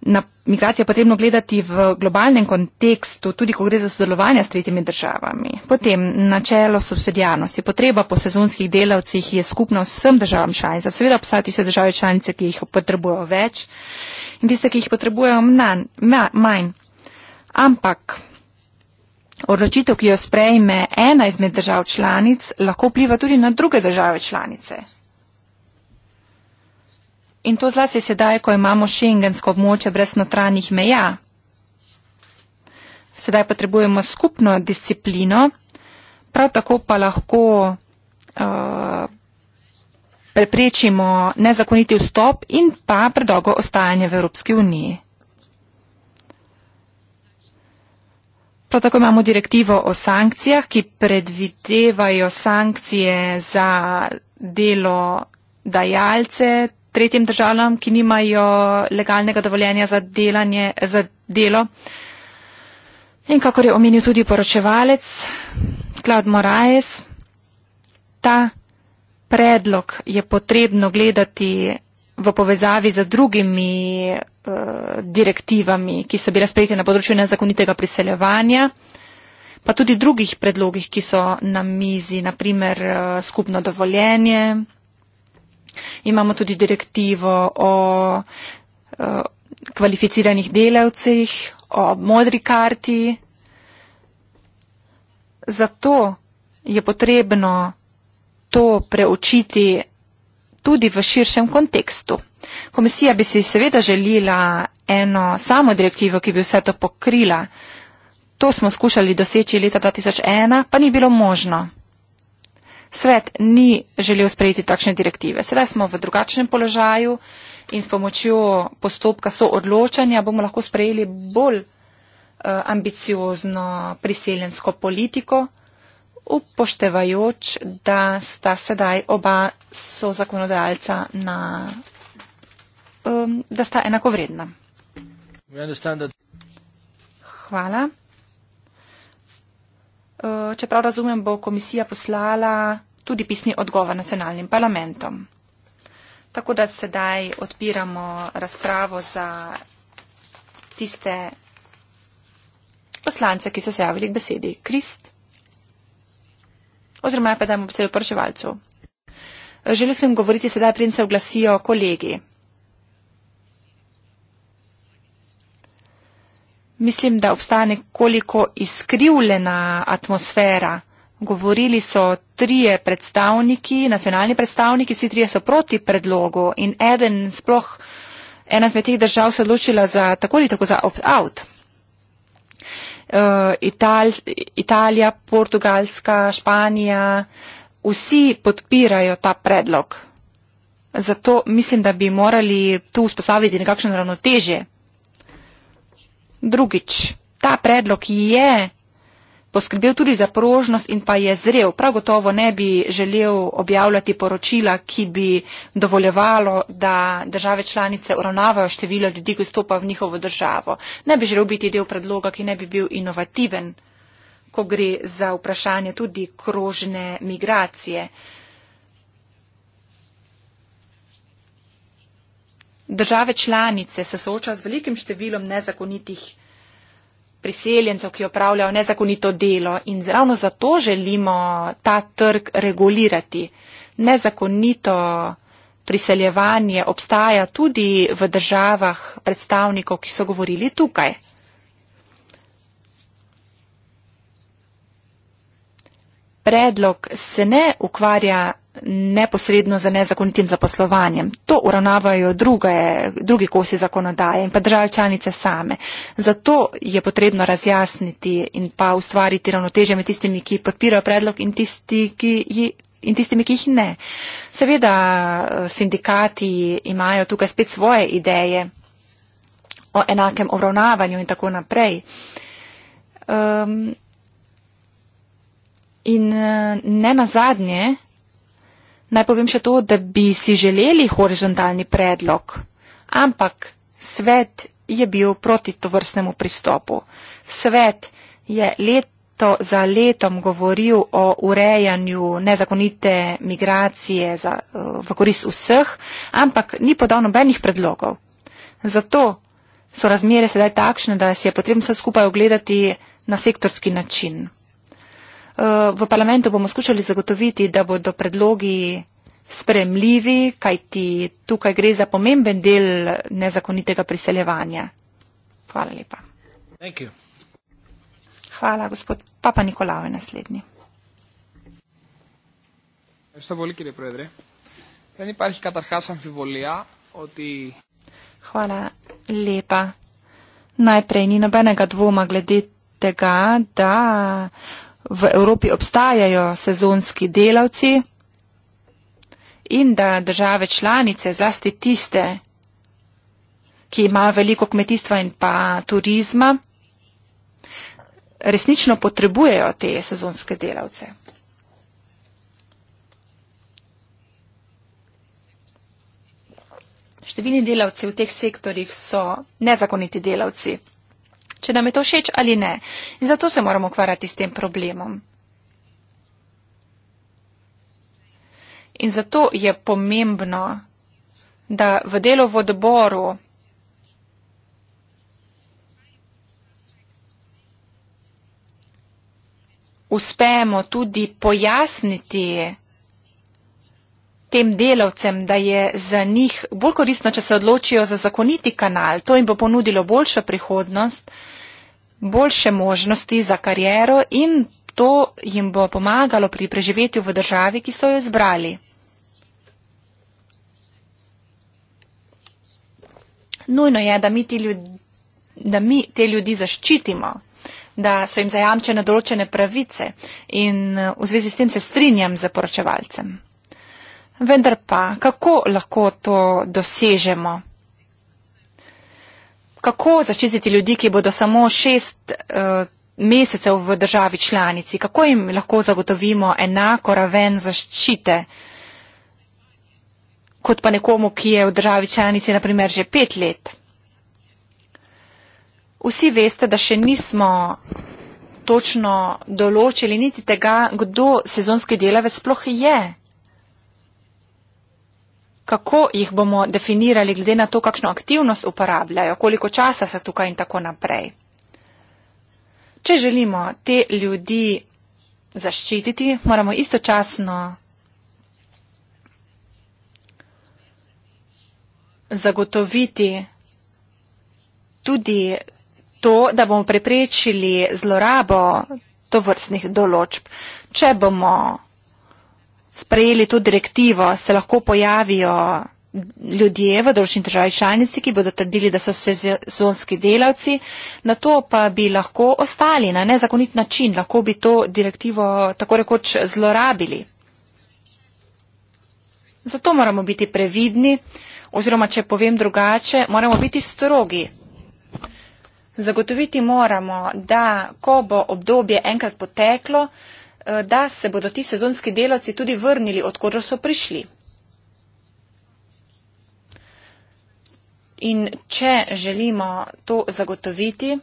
na migracijo je potrebno gledati v globalnem kontekstu, tudi ko gre za sodelovanje s tretjimi državami. Potem načelo subsidijarnosti. Potreba po sezonskih delavcih je skupna vsem državam članicam. Seveda obstajajo tiste države članice, ki jih potrebujejo več in tiste, ki jih potrebujejo manj. Ampak Odločitev, ki jo sprejme ena izmed držav članic, lahko pliva tudi na druge države članice. In to zlasti sedaj, ko imamo šengensko območje brez notranjih meja. Sedaj potrebujemo skupno disciplino, prav tako pa lahko uh, preprečimo nezakoniti vstop in pa predolgo ostajanje v Evropski uniji. Prav tako imamo direktivo o sankcijah, ki predvidevajo sankcije za delo dajalce tretjim državam, ki nimajo legalnega dovoljenja za, delanje, za delo. In kakor je omenil tudi poročevalec Klaud Moraes, ta predlog je potrebno gledati v povezavi z drugimi Eh, direktivami, ki so bile sprejete na področju nezakonitega priseljevanja, pa tudi drugih predlogih, ki so na mizi, naprimer eh, skupno dovoljenje. Imamo tudi direktivo o eh, kvalificiranih delavcih, o modri karti. Zato je potrebno to preučiti tudi v širšem kontekstu. Komisija bi si seveda želila eno samo direktivo, ki bi vse to pokrila. To smo skušali doseči leta 2001, pa ni bilo možno. Svet ni želel sprejeti takšne direktive. Sedaj smo v drugačnem položaju in s pomočjo postopka soodločanja bomo lahko sprejeli bolj eh, ambiciozno priseljensko politiko upoštevajoč, da sta sedaj oba so zakonodajalca na, um, da sta enakovredna. Hvala. Uh, čeprav razumem, bo komisija poslala tudi pisni odgovor nacionalnim parlamentom. Tako da sedaj odpiramo razpravo za tiste poslance, ki so se javili k besedi. Krist oziroma pa da jim obsejo prševalcev. Želel sem govoriti sedaj, preden se oglasijo kolegi. Mislim, da obstaja nekoliko izkrivljena atmosfera. Govorili so trije predstavniki, nacionalni predstavniki, vsi trije so proti predlogu in eden sploh, ena zmed teh držav se odločila za tako ali tako za opt-out. Eh, Ital, Italija, Portugalska, Španija, vsi podpirajo ta predlog. Zato mislim, da bi morali tu vzpostaviti nekakšno ravnoteže. Drugič, ta predlog je poskrbel tudi za prožnost in pa je zrel. Prav gotovo ne bi želel objavljati poročila, ki bi dovoljevalo, da države članice uravnavajo število ljudi, ki vstopajo v njihovo državo. Ne bi želel biti del predloga, ki ne bi bil inovativen, ko gre za vprašanje tudi krožne migracije. Države članice se soočajo z velikim številom nezakonitih migracij priseljencev, ki opravljajo nezakonito delo in ravno zato želimo ta trg regulirati. Nezakonito priseljevanje obstaja tudi v državah predstavnikov, ki so govorili tukaj. Predlog se ne ukvarja neposredno za nezakonitim zaposlovanjem. To uravnavajo druge, drugi kosi zakonodaje in pa države članice same. Zato je potrebno razjasniti in pa ustvariti ravnoteže med tistimi, ki podpirajo predlog in, tisti, ki, in tistimi, ki jih ne. Seveda eh, sindikati imajo tukaj spet svoje ideje o enakem obravnavanju in tako naprej. Um, in eh, ne nazadnje, Naj povem še to, da bi si želeli horizontalni predlog, ampak svet je bil proti to vrstnemu pristopu. Svet je leto za letom govoril o urejanju nezakonite migracije za, v korist vseh, ampak ni podal nobenih predlogov. Zato so razmere sedaj takšne, da si je potrebno vse skupaj ogledati na sektorski način. V parlamentu bomo skušali zagotoviti, da bodo predlogi spremljivi, kajti tukaj gre za pomemben del nezakonitega priseljevanja. Hvala lepa. Hvala, gospod Papa Nikolao je naslednji. Hvala lepa. Najprej ni nobenega dvoma glede tega, da uh, v Evropi obstajajo sezonski delavci in da države članice, zlasti tiste, ki imajo veliko kmetijstva in pa turizma, resnično potrebujejo te sezonske delavce. Številni delavci v teh sektorjih so nezakoniti delavci če nam je to všeč ali ne. In zato se moramo ukvarjati s tem problemom. In zato je pomembno, da v delu v odboru uspemo tudi pojasniti tem delavcem, da je za njih bolj koristno, če se odločijo za zakoniti kanal. To jim bo ponudilo boljšo prihodnost boljše možnosti za kariero in to jim bo pomagalo pri preživetju v državi, ki so jo izbrali. Nujno je, da mi, ljudi, da mi te ljudi zaščitimo, da so jim zajamčene določene pravice in v zvezi s tem se strinjam z poročevalcem. Vendar pa, kako lahko to dosežemo? kako zaščititi ljudi, ki bodo samo šest eh, mesecev v državi članici, kako jim lahko zagotovimo enako raven zaščite, kot pa nekomu, ki je v državi članici naprimer že pet let. Vsi veste, da še nismo točno določili niti tega, kdo sezonski delavec sploh je kako jih bomo definirali glede na to, kakšno aktivnost uporabljajo, koliko časa so tukaj in tako naprej. Če želimo te ljudi zaščititi, moramo istočasno zagotoviti tudi to, da bomo preprečili zlorabo tovrstnih določb. Če bomo sprejeli to direktivo, se lahko pojavijo ljudje v določeni državi članici, ki bodo trdili, da so sezonski delavci, na to pa bi lahko ostali na nezakonit način, lahko bi to direktivo tako rekoč zlorabili. Zato moramo biti previdni, oziroma če povem drugače, moramo biti strogi. Zagotoviti moramo, da ko bo obdobje enkrat poteklo, Eh, da se bodo ti sezonski delavci tudi vrnili, odkudro so prišli. In če želimo to zagotoviti,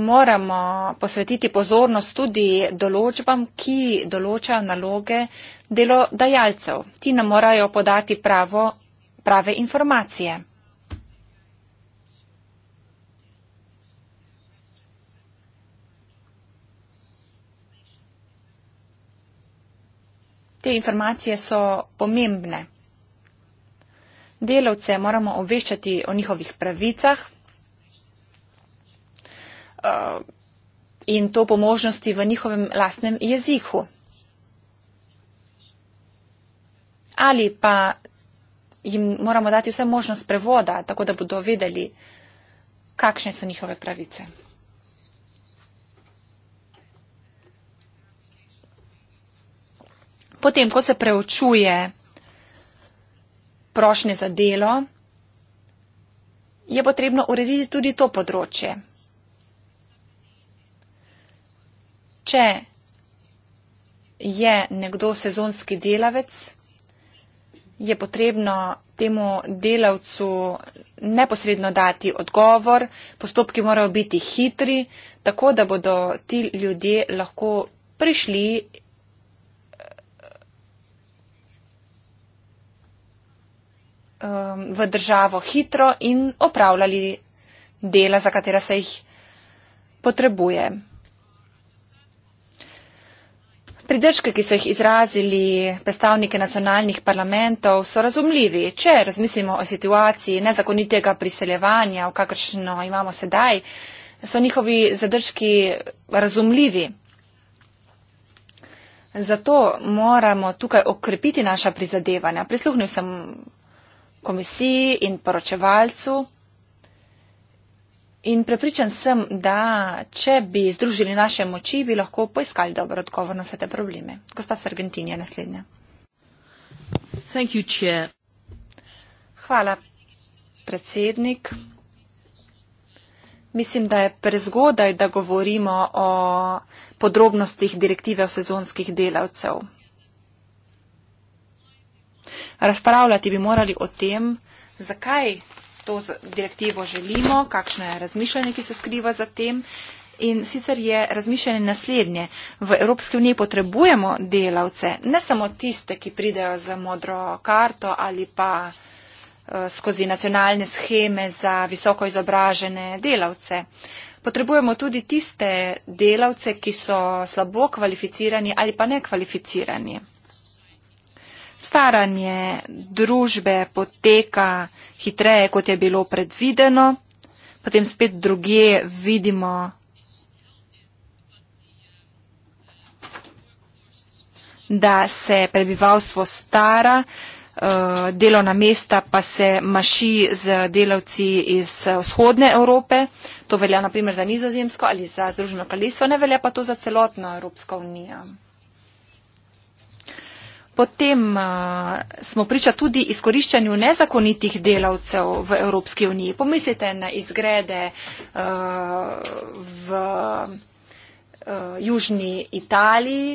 moramo posvetiti pozornost tudi določbam, ki določajo naloge delodajalcev. Ti nam morajo podati pravo, prave informacije. Te informacije so pomembne. Delavce moramo obveščati o njihovih pravicah eh, in to po možnosti v njihovem lastnem jeziku. Ali pa jim moramo dati vse možnost prevoda, tako da bodo vedeli, kakšne so njihove pravice. Potem, ko se preučuje prošnje za delo, je potrebno urediti tudi to področje. Če je nekdo sezonski delavec, je potrebno temu delavcu neposredno dati odgovor, postopki morajo biti hitri, tako da bodo ti ljudje lahko prišli um, v državo hitro in opravljali dela, za katera se jih potrebuje. Pridržke, ki so jih izrazili predstavniki nacionalnih parlamentov, so razumljivi. Če razmislimo o situaciji nezakonitega priseljevanja, v kakršno imamo sedaj, so njihovi zadržki razumljivi. Zato moramo tukaj okrepiti naša prizadevanja. Prisluhnil sem komisiji in poročevalcu. In prepričan sem, da če bi združili naše moči, bi lahko poiskali dober odgovor na vse te probleme. Gospa Sargentinija, naslednja. You, Hvala, predsednik. Mislim, da je prezgodaj, da govorimo o podrobnostih direktive o sezonskih delavcev. Razpravljati bi morali o tem, zakaj to direktivo želimo, kakšno je razmišljanje, ki se skriva za tem. In sicer je razmišljanje naslednje. V Evropski uniji potrebujemo delavce, ne samo tiste, ki pridejo za modro karto ali pa eh, skozi nacionalne scheme za visoko izobražene delavce. Potrebujemo tudi tiste delavce, ki so slabo kvalificirani ali pa nekvalificirani staranje družbe poteka hitreje, kot je bilo predvideno, potem spet druge vidimo da se prebivalstvo stara, eh, delovna mesta pa se maši z delavci iz eh, vzhodne Evrope. To velja naprimer za nizozemsko ali za združeno kraljestvo, ne velja pa to za celotno Evropsko unijo. Potem uh, smo priča tudi izkoriščanju nezakonitih delavcev v Evropski uniji. Pomislite na izgrede uh, v uh, Južni Italiji,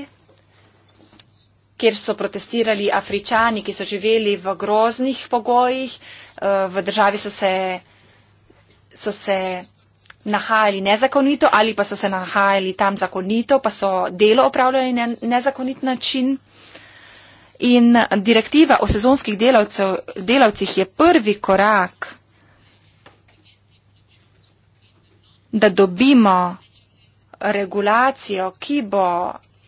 kjer so protestirali afričani, ki so živeli v groznih pogojih. Uh, v državi so se, so se nahajali nezakonito ali pa so se nahajali tam zakonito, pa so delo opravljali na nezakonit način. In direktiva o sezonskih delavcev, delavcih je prvi korak, da dobimo regulacijo, ki bo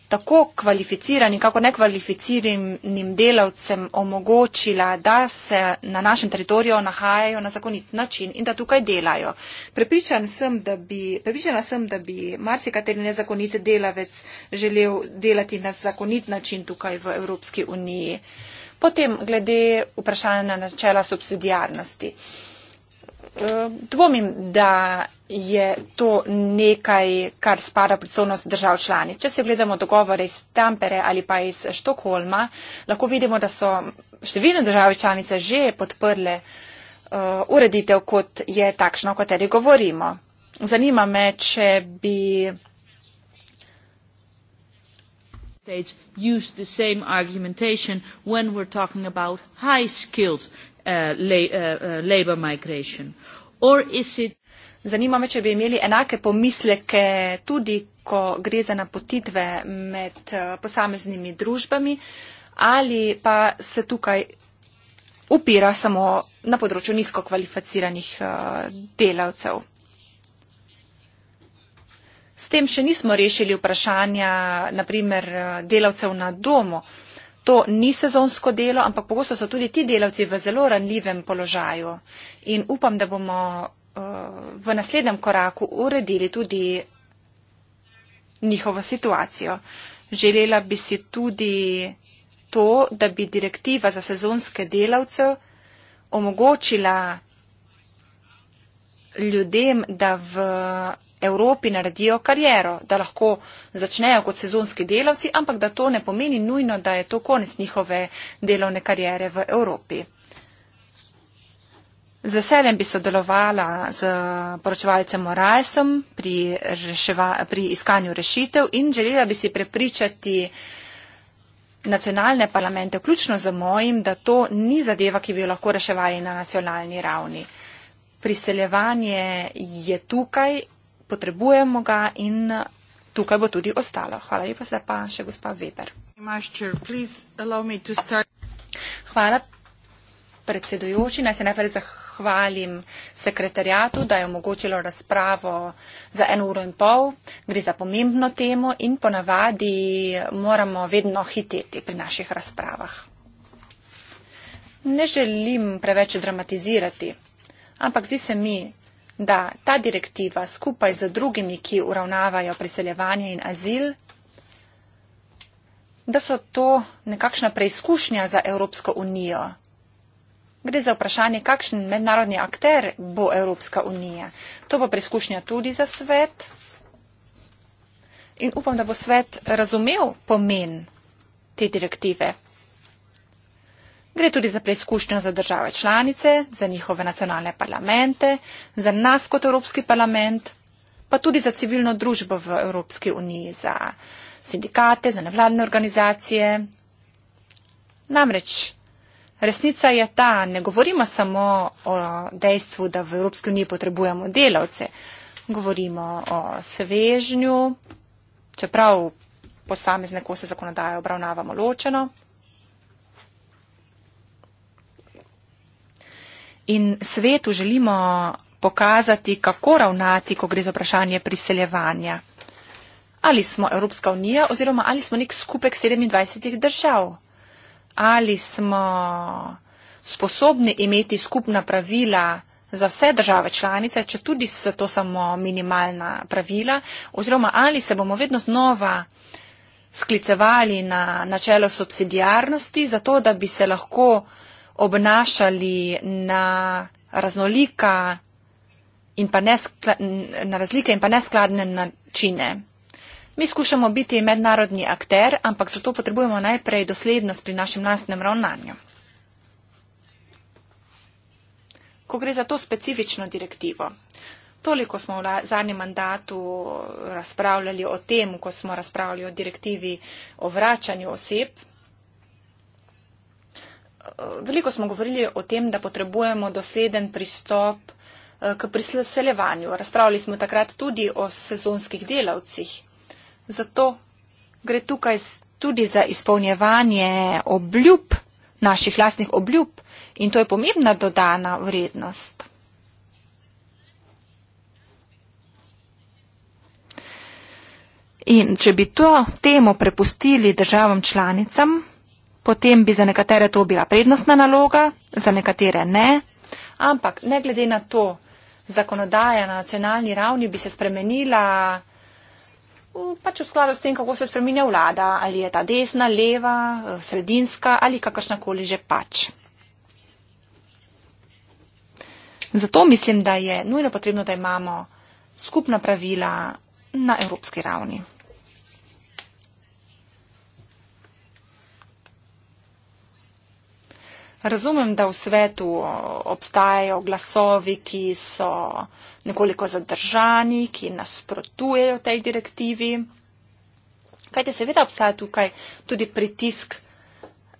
tako kvalificiranim, kako nekvalificiranim delavcem omogočila, da se na našem teritoriju nahajajo na zakonit način in da tukaj delajo. Prepričan sem, da bi, prepričana sem, da bi marsikateri nezakonit delavec želel delati na zakonit način tukaj v Evropski uniji. Potem glede vprašanja načela subsidijarnosti. Uh, Eh, dvomim, da je to nekaj, kar spada predstavnost držav članic. Če se ogledamo dogovore iz Tampere ali pa iz Štokholma, lahko vidimo, da so številne države članice že podprle eh, ureditev, kot je takšno, o kateri govorimo. Zanima me, če bi. Use the same argumentation when we're talking about high skilled Uh, uh, uh, Zanima me, če bi imeli enake pomisleke tudi, ko gre za napotitve med posameznimi družbami ali pa se tukaj upira samo na področju nizko kvalificiranih delavcev. S tem še nismo rešili vprašanja, naprimer, delavcev na domu to ni sezonsko delo, ampak pogosto so tudi ti delavci v zelo ranljivem položaju. In upam, da bomo uh, v naslednjem koraku uredili tudi njihovo situacijo. Želela bi si tudi to, da bi direktiva za sezonske delavce omogočila ljudem, da v Evropi naredijo kariero, da lahko začnejo kot sezonski delavci, ampak da to ne pomeni nujno, da je to konec njihove delovne kariere v Evropi. Z veseljem bi sodelovala z poročevalcem Moralesom pri, pri iskanju rešitev in želela bi si prepričati nacionalne parlamente, vključno z mojim, da to ni zadeva, ki bi jo lahko reševali na nacionalni ravni. Priseljevanje je tukaj potrebujemo ga in eh, tukaj bo tudi ostalo. Hvala lepa, zdaj pa še gospa Weber. Hvala predsedujoči. Naj se najprej zahvalim sekretarjatu, da je omogočilo razpravo za eno uro in pol. Gre za pomembno temo in ponavadi moramo vedno hiteti pri naših razpravah. Ne želim preveč dramatizirati, ampak zdi se mi, da ta direktiva skupaj z drugimi, ki uravnavajo priseljevanje in azil, da so to nekakšna preizkušnja za Evropsko unijo. Gre za vprašanje, kakšen mednarodni akter bo Evropska unija. To bo preizkušnja tudi za svet in upam, da bo svet razumel pomen te direktive. Gre tudi za preizkušnjo za države članice, za njihove nacionalne parlamente, za nas kot Evropski parlament, pa tudi za civilno družbo v Evropski uniji, za sindikate, za nevladne organizacije. Namreč resnica je ta, ne govorimo samo o dejstvu, da v Evropski uniji potrebujemo delavce, govorimo o svežnju, čeprav posamezne kose zakonodaje obravnavamo ločeno. in svetu želimo pokazati, kako ravnati, ko gre za vprašanje priseljevanja. Ali smo Evropska unija oziroma ali smo nek skupek 27 držav? Ali smo sposobni imeti skupna pravila za vse države članice, če tudi so to samo minimalna pravila? Oziroma ali se bomo vedno znova sklicevali na načelo subsidijarnosti, zato da bi se lahko uh, obnašali na raznolika in pa neskla, na razlike in pa neskladne načine. Mi skušamo biti mednarodni akter, ampak zato potrebujemo najprej doslednost pri našem lastnem ravnanju. Ko gre za to specifično direktivo, toliko smo v zadnjem mandatu razpravljali o tem, ko smo razpravljali o direktivi o vračanju oseb, veliko smo govorili o tem, da potrebujemo dosleden pristop eh, k priseljevanju. Razpravljali smo takrat tudi o sezonskih delavcih. Zato gre tukaj tudi za izpolnjevanje obljub, naših lastnih obljub in to je pomembna dodana vrednost. In če bi to temo prepustili državam članicam, potem bi za nekatere to bila prednostna naloga, za nekatere ne. Ampak ne glede na to, zakonodaja na nacionalni ravni bi se spremenila pač v skladu s tem, kako se spreminja vlada, ali je ta desna, leva, sredinska ali kakršnakoli že pač. Zato mislim, da je nujno potrebno, da imamo skupna pravila na evropski ravni. Razumem, da v svetu obstajajo glasovi, ki so nekoliko zadržani, ki nasprotujejo tej direktivi. Kajte, seveda obstaja tukaj tudi pritisk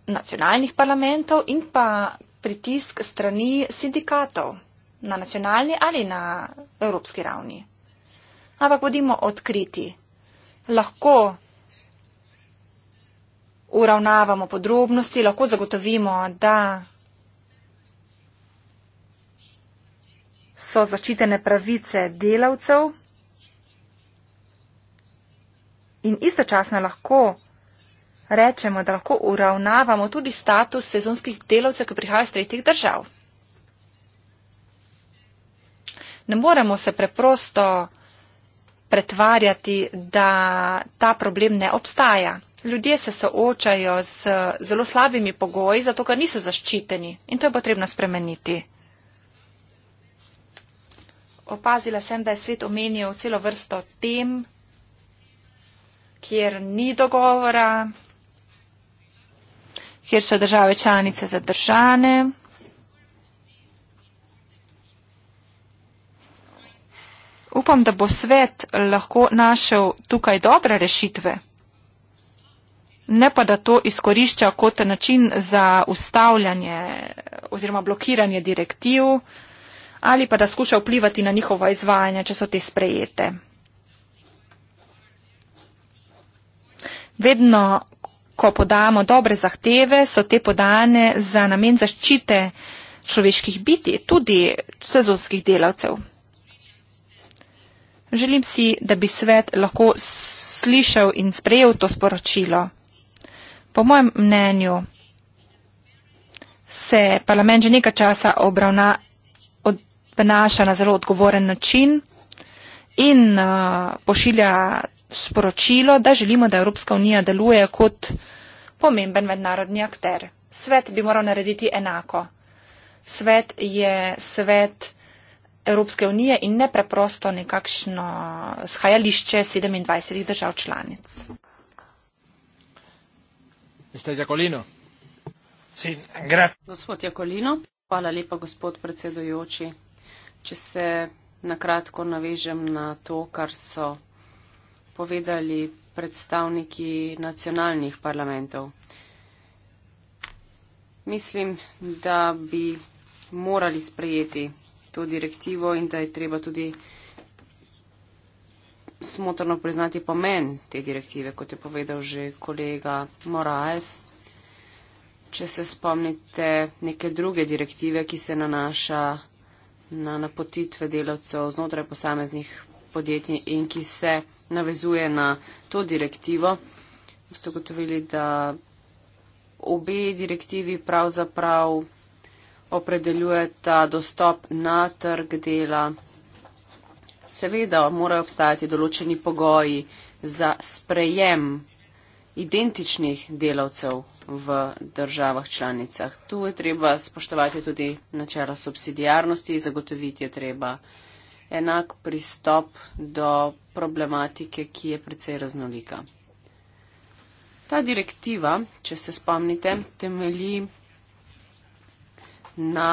nacionalnih parlamentov in pa pritisk strani sindikatov na nacionalni ali na evropski ravni. Ampak bodimo odkriti. Lahko uravnavamo podrobnosti, lahko zagotovimo, da so zaščitene pravice delavcev in istočasno lahko rečemo, da lahko uravnavamo tudi status sezonskih delavcev, ki prihajajo iz tretjih držav. Ne moremo se preprosto pretvarjati, da ta problem ne obstaja ljudje se soočajo z eh, zelo slabimi pogoji, zato ker niso zaščiteni in to je potrebno spremeniti. Opazila sem, da je svet omenil celo vrsto tem, kjer ni dogovora, kjer so države članice zadržane. Upam, da bo svet lahko našel tukaj dobre rešitve ne pa da to izkorišča kot način za ustavljanje oziroma blokiranje direktiv ali pa da skuša vplivati na njihovo izvajanje, če so te sprejete. Vedno, ko podamo dobre zahteve, so te podane za namen zaščite človeških biti, tudi sezonskih delavcev. Želim si, da bi svet lahko slišal in sprejel to sporočilo. Po mojem mnenju se parlament že nekaj časa obravna, obnaša na zelo odgovoren način in uh, pošilja sporočilo, da želimo, da Evropska unija deluje kot pomemben mednarodni akter. Svet bi moral narediti enako. Svet je svet Evropske unije in ne preprosto nekakšno schajališče 27 držav članic. Mr. Jacolino. Si, gospod Jakolino, hvala lepa, gospod predsedujoči. Če se na kratko navežem na to, kar so povedali predstavniki nacionalnih parlamentov. Mislim, da bi morali sprejeti to direktivo in da je treba tudi smotrno priznati pomen te direktive, kot je povedal že kolega Moraes. Če se spomnite neke druge direktive, ki se nanaša na napotitve delavcev znotraj posameznih podjetij in ki se navezuje na to direktivo, boste gotovili, da obe direktivi pravzaprav opredeljujeta dostop na trg dela seveda morajo obstajati določeni pogoji za sprejem identičnih delavcev v državah članicah. Tu je treba spoštovati tudi načela subsidijarnosti, zagotoviti je treba enak pristop do problematike, ki je precej raznolika. Ta direktiva, če se spomnite, temelji na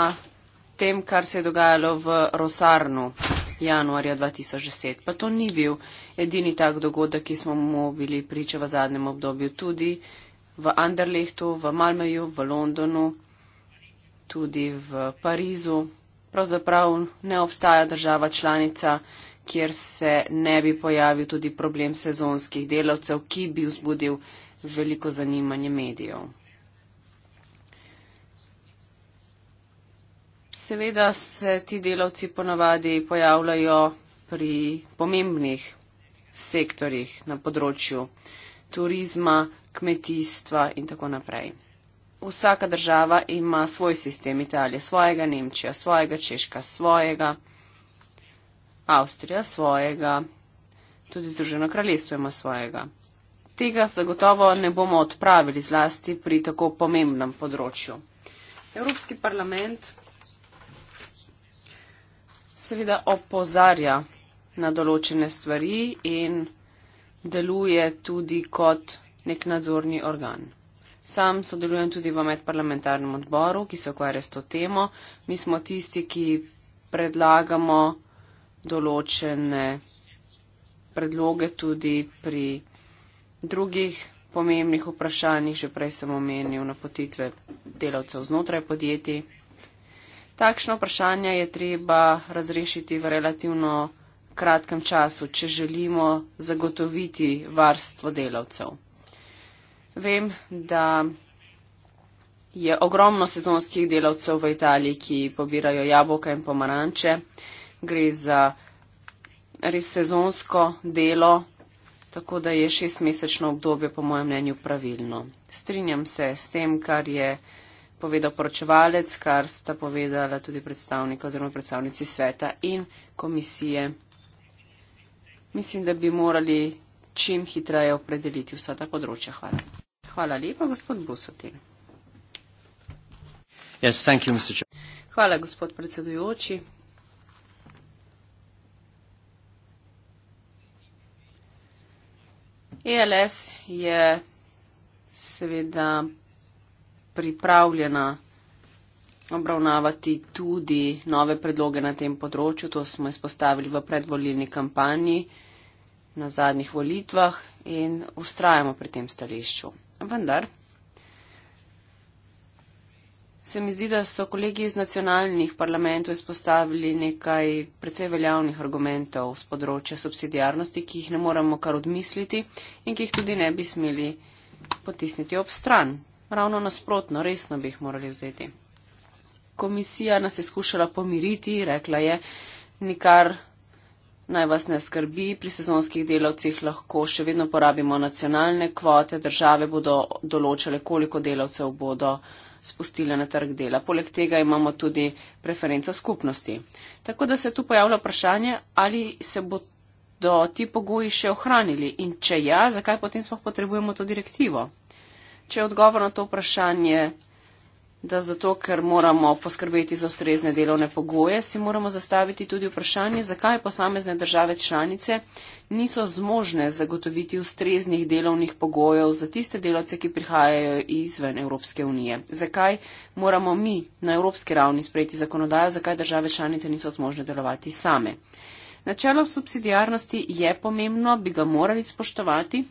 tem, kar se je dogajalo v Rosarnu, januarja 2010. Pa to ni bil edini tak dogodek, ki smo mu bili priča v zadnjem obdobju, tudi v Anderlehtu, v Malmeju, v Londonu, tudi v Parizu. Pravzaprav ne obstaja država članica, kjer se ne bi pojavil tudi problem sezonskih delavcev, ki bi vzbudil veliko zanimanje medijev. Seveda se ti delavci ponavadi pojavljajo pri pomembnih sektorjih na področju turizma, kmetijstva in tako naprej. Vsaka država ima svoj sistem Italije, svojega Nemčija, svojega Češka, svojega Avstrija, svojega, tudi Združeno kraljestvo ima svojega. Tega zagotovo ne bomo odpravili zlasti pri tako pomembnem področju. Evropski parlament seveda opozarja na določene stvari in deluje tudi kot nek nadzorni organ. Sam sodelujem tudi v medparlamentarnem odboru, ki se ukvarja s to temo. Mi smo tisti, ki predlagamo določene predloge tudi pri drugih pomembnih vprašanjih, že prej sem omenil napotitve delavcev znotraj podjetij. Takšno vprašanje je treba razrešiti v relativno kratkem času, če želimo zagotoviti varstvo delavcev. Vem, da je ogromno sezonskih delavcev v Italiji, ki pobirajo jabolka in pomaranče. Gre za res sezonsko delo, tako da je šestmesečno obdobje po mojem mnenju pravilno. Strinjam se s tem, kar je povedal poročevalec, kar sta povedala tudi predstavnika oziroma predstavnici sveta in komisije. Mislim, da bi morali čim hitreje opredeliti vsa ta področja. Hvala. Hvala lepa, gospod Busotin. Yes, thank you, Mr. Chairman. Hvala, gospod predsedujoči. ELS je seveda pripravljena obravnavati tudi nove predloge na tem področju. To smo izpostavili v predvolilni kampanji na zadnjih volitvah in ustrajamo pri tem stališču. Vendar se mi zdi, da so kolegi iz nacionalnih parlamentov izpostavili nekaj precej veljavnih argumentov z področja subsidijarnosti, ki jih ne moramo kar odmisliti in ki jih tudi ne bi smeli potisniti ob stran. Ravno nasprotno, resno bi jih morali vzeti. Komisija nas je skušala pomiriti, rekla je, nikar naj vas ne skrbi, pri sezonskih delavcih lahko še vedno porabimo nacionalne kvote, države bodo določale, koliko delavcev bodo spustile na trg dela. Poleg tega imamo tudi preferenco skupnosti. Tako da se tu pojavlja vprašanje, ali se bodo ti pogoji še ohranili in če ja, zakaj potem smo potrebujemo to direktivo? če je odgovor na to vprašanje, da zato, ker moramo poskrbeti za ustrezne delovne pogoje, si moramo zastaviti tudi vprašanje, zakaj posamezne države članice niso zmožne zagotoviti ustreznih delovnih pogojev za tiste delavce, ki prihajajo izven Evropske unije. Zakaj moramo mi na evropski ravni sprejeti zakonodajo, zakaj države članice niso zmožne delovati same. Načelo subsidijarnosti je pomembno, bi ga morali spoštovati.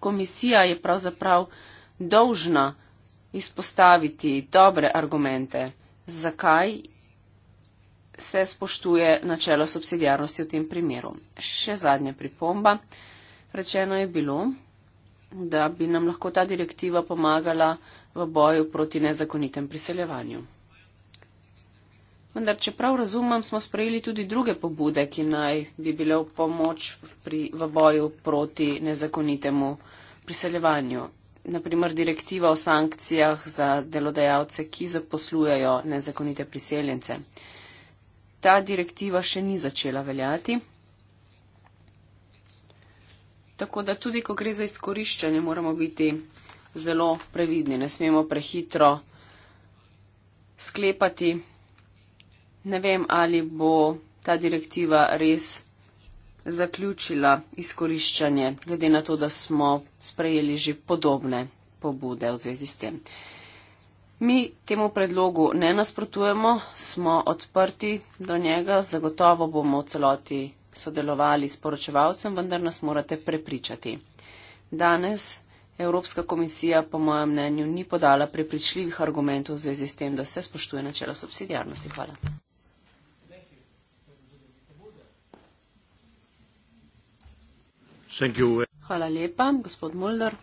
Komisija je pravzaprav dolžna izpostaviti dobre argumente, zakaj se spoštuje načelo subsidijarnosti v tem primeru. Še zadnja pripomba. Rečeno je bilo, da bi nam lahko ta direktiva pomagala v boju proti nezakonitem priseljevanju. Vendar, če prav razumem, smo sprejeli tudi druge pobude, ki naj bi bile v pomoč pri, v boju proti nezakonitemu priseljevanju naprimer direktiva o sankcijah za delodajalce, ki zaposlujejo nezakonite priseljence. Ta direktiva še ni začela veljati. Tako da tudi, ko gre za izkoriščanje, moramo biti zelo previdni. Ne smemo prehitro sklepati. Ne vem, ali bo ta direktiva res zaključila izkoriščanje, glede na to, da smo sprejeli že podobne pobude v zvezi s tem. Mi temu predlogu ne nasprotujemo, smo odprti do njega, zagotovo bomo v celoti sodelovali s poročevalcem, vendar nas morate prepričati. Danes Evropska komisija, po mojem mnenju, ni podala prepričljivih argumentov v zvezi s tem, da se spoštuje načelo subsidijarnosti. Hvala. Hvala lepa, gospod Mulder.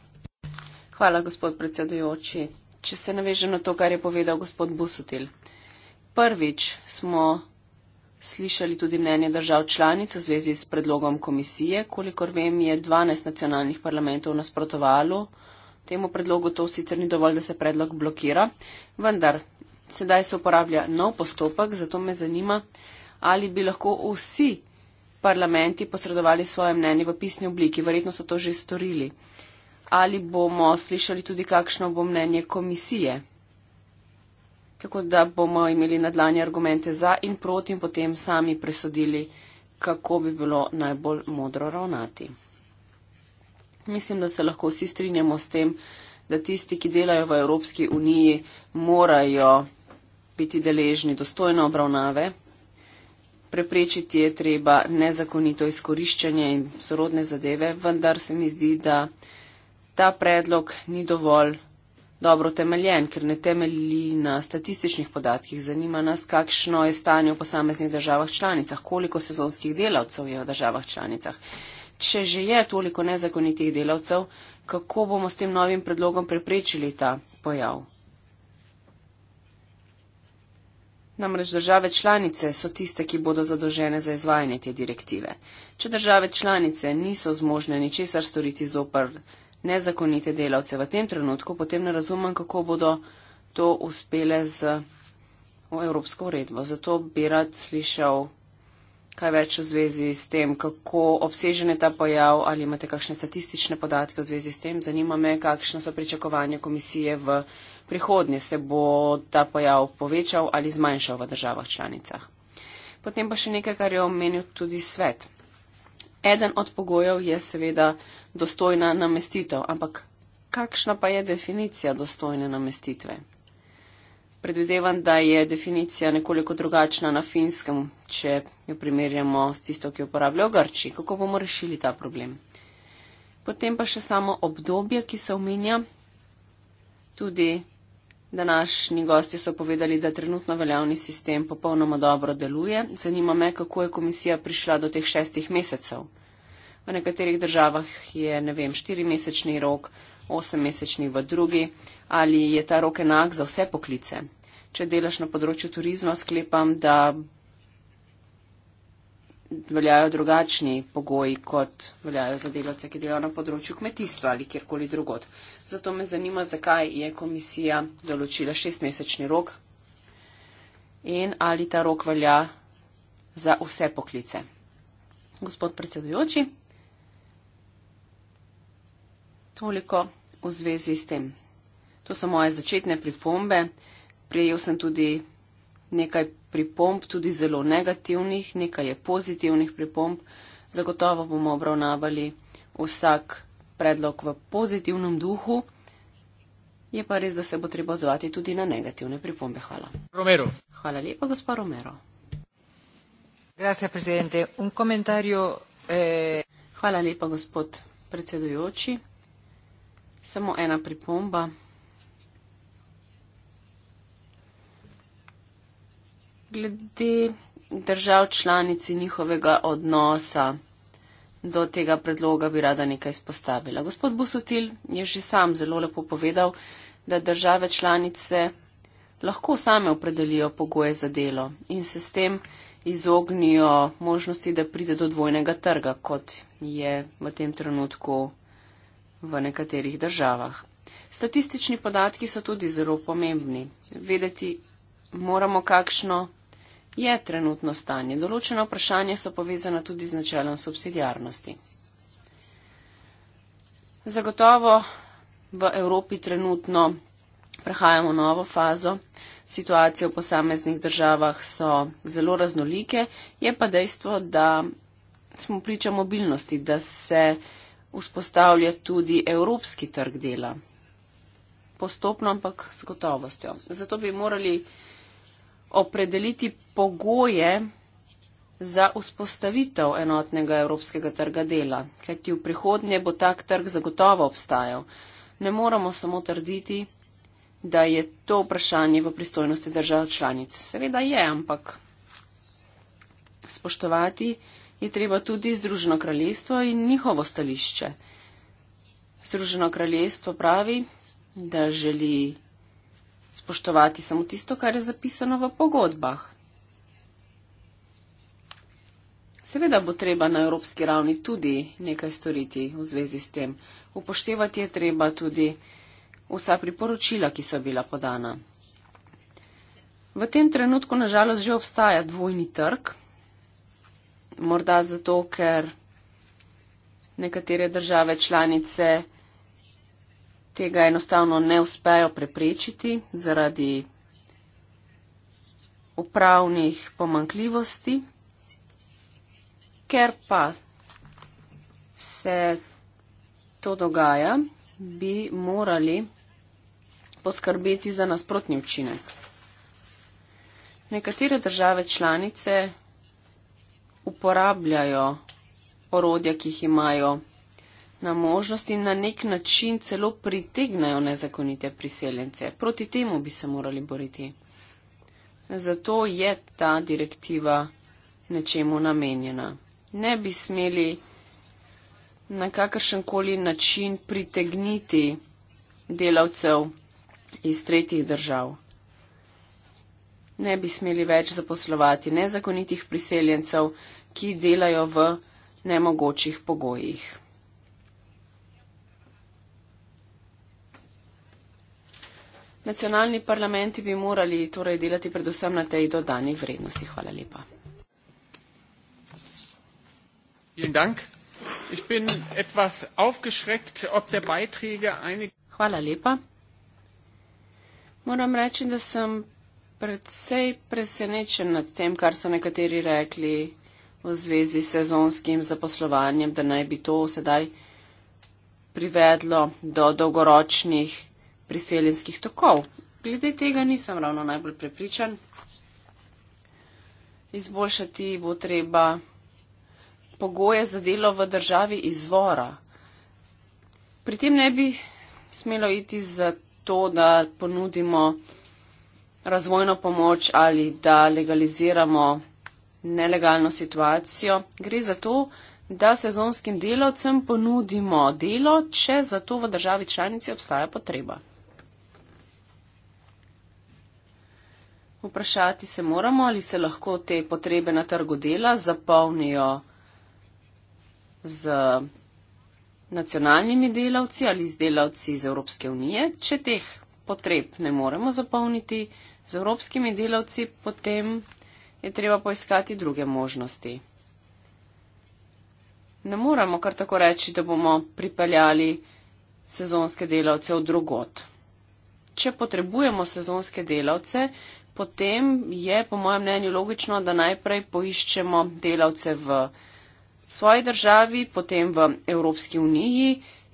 Hvala, gospod predsedujoči. Če se naveže na to, kar je povedal gospod Busutil. Prvič smo slišali tudi mnenje držav članic v zvezi s predlogom komisije. Kolikor vem, je 12 nacionalnih parlamentov nasprotovalo. Temu predlogu to sicer ni dovolj, da se predlog blokira, vendar sedaj se uporablja nov postopek, zato me zanima, ali bi lahko vsi parlamenti posredovali svoje mnenje v pisni obliki. Verjetno so to že storili. Ali bomo slišali tudi, kakšno bo mnenje komisije? Tako da bomo imeli na dlanje argumente za in proti in potem sami presodili, kako bi bilo najbolj modro ravnati. Mislim, da se lahko vsi strinjamo s tem, da tisti, ki delajo v Evropski uniji, morajo biti deležni dostojne obravnave preprečiti je treba nezakonito izkoriščanje in sorodne zadeve, vendar se mi zdi, da ta predlog ni dovolj dobro temeljen, ker ne temelji na statističnih podatkih. Zanima nas, kakšno je stanje v posameznih državah članicah, koliko sezonskih delavcev je v državah članicah. Če že je toliko nezakonitih delavcev, kako bomo s tem novim predlogom preprečili ta pojav? Namreč države članice so tiste, ki bodo zadožene za izvajanje te direktive. Če države članice niso zmožne ničesar storiti zopr nezakonite delavce v tem trenutku, potem ne razumem, kako bodo to uspele z Evropsko uredbo. Zato bi rad slišal kaj več v zvezi s tem, kako obsežen je ta pojav, ali imate kakšne statistične podatke v zvezi s tem. Zanima me, kakšne so pričakovanja komisije v prihodnje se bo ta pojav povečal ali zmanjšal v državah članicah. Potem pa še nekaj, kar je omenil tudi svet. Eden od pogojev je seveda dostojna namestitev, ampak kakšna pa je definicija dostojne namestitve? Predvidevam, da je definicija nekoliko drugačna na finskem, če jo primerjamo s tisto, ki jo uporablja v Grči. Kako bomo rešili ta problem? Potem pa še samo obdobje, ki se omenja. Tudi Današnji gosti so povedali, da trenutno veljavni sistem popolnoma dobro deluje. Zanima me, kako je komisija prišla do teh šestih mesecev. V nekaterih državah je, ne vem, štirimesečni rok, osemmesečni v drugi, ali je ta rok enak za vse poklice. Če delaš na področju turizma, sklepam, da veljajo drugačni pogoji, kot veljajo za delavce, ki delajo na področju kmetijstva ali kjerkoli drugot. Zato me zanima, zakaj je komisija določila šestmesečni rok in ali ta rok velja za vse poklice. Gospod predsedujoči, toliko v zvezi s tem. To so moje začetne pripombe. Prijel sem tudi nekaj pripomb, tudi zelo negativnih, nekaj je pozitivnih pripomb. Zagotovo bomo obravnavali vsak predlog v pozitivnem duhu. Je pa res, da se bo treba odzvati tudi na negativne pripombe. Hvala. Romero. Hvala lepa, gospod Romero. Eh, Hvala lepa, gospod predsedujoči. Samo ena pripomba. glede držav članici njihovega odnosa do tega predloga bi rada nekaj izpostavila. Gospod Busutil je že sam zelo lepo povedal, da države članice lahko same opredelijo pogoje za delo in se s tem izognijo možnosti, da pride do dvojnega trga, kot je v tem trenutku v nekaterih državah. Statistični podatki so tudi zelo pomembni. Vedeti moramo, kakšno je trenutno stanje. Določena vprašanja so povezana tudi z načelom subsidijarnosti. Zagotovo v Evropi trenutno prehajamo novo fazo. Situacije v posameznih državah so zelo raznolike, je pa dejstvo, da smo priča mobilnosti, da se vzpostavlja tudi evropski trg dela. Postopno, ampak s gotovostjo. Zato bi morali opredeliti pogoje za vzpostavitev enotnega evropskega trga dela, kajti v prihodnje bo tak trg zagotovo obstajal. Ne moramo samo trditi, da je to vprašanje v pristojnosti držav članic. Seveda je, ampak spoštovati je treba tudi Združeno kraljestvo in njihovo stališče. Združeno kraljestvo pravi, da želi spoštovati samo tisto, kar je zapisano v pogodbah. Seveda bo treba na evropski ravni tudi nekaj storiti v zvezi s tem. Upoštevati je treba tudi vsa priporočila, ki so bila podana. V tem trenutku nažalost že obstaja dvojni trg. Morda zato, ker nekatere države članice tega enostavno ne uspejo preprečiti zaradi upravnih pomankljivosti, ker pa se to dogaja, bi morali poskrbeti za nasprotni učinek. Nekatere države članice uporabljajo orodja, ki jih imajo na možnosti in na nek način celo pritegnajo nezakonite priseljence. Proti temu bi se morali boriti. Zato je ta direktiva nečemu namenjena. Ne bi smeli na kakršen koli način pritegniti delavcev iz tretjih držav. Ne bi smeli več zaposlovati nezakonitih priseljencev, ki delajo v nemogočih pogojih. Nacionalni parlamenti bi morali torej delati predvsem na tej dodani vrednosti. Hvala lepa. Hvala lepa. Moram reči, da sem predvsej presenečen nad tem, kar so nekateri rekli v zvezi s sezonskim zaposlovanjem, da naj bi to sedaj privedlo do dolgoročnih priseljenskih tokov. Glede tega nisem ravno najbolj prepričan. Izboljšati bo treba pogoje za delo v državi izvora. Pri tem ne bi smelo iti za to, da ponudimo razvojno pomoč ali da legaliziramo nelegalno situacijo. Gre za to, da sezonskim delavcem ponudimo delo, če za to v državi članici obstaja potreba. vprašati se moramo, ali se lahko te potrebe na trgu dela zapolnijo z nacionalnimi delavci ali z delavci iz Evropske unije. Če teh potreb ne moremo zapolniti z evropskimi delavci, potem je treba poiskati druge možnosti. Ne moramo kar tako reči, da bomo pripeljali sezonske delavce od drugot. Če potrebujemo sezonske delavce, potem je, po mojem mnenju, logično, da najprej poiščemo delavce v svoji državi, potem v Evropski uniji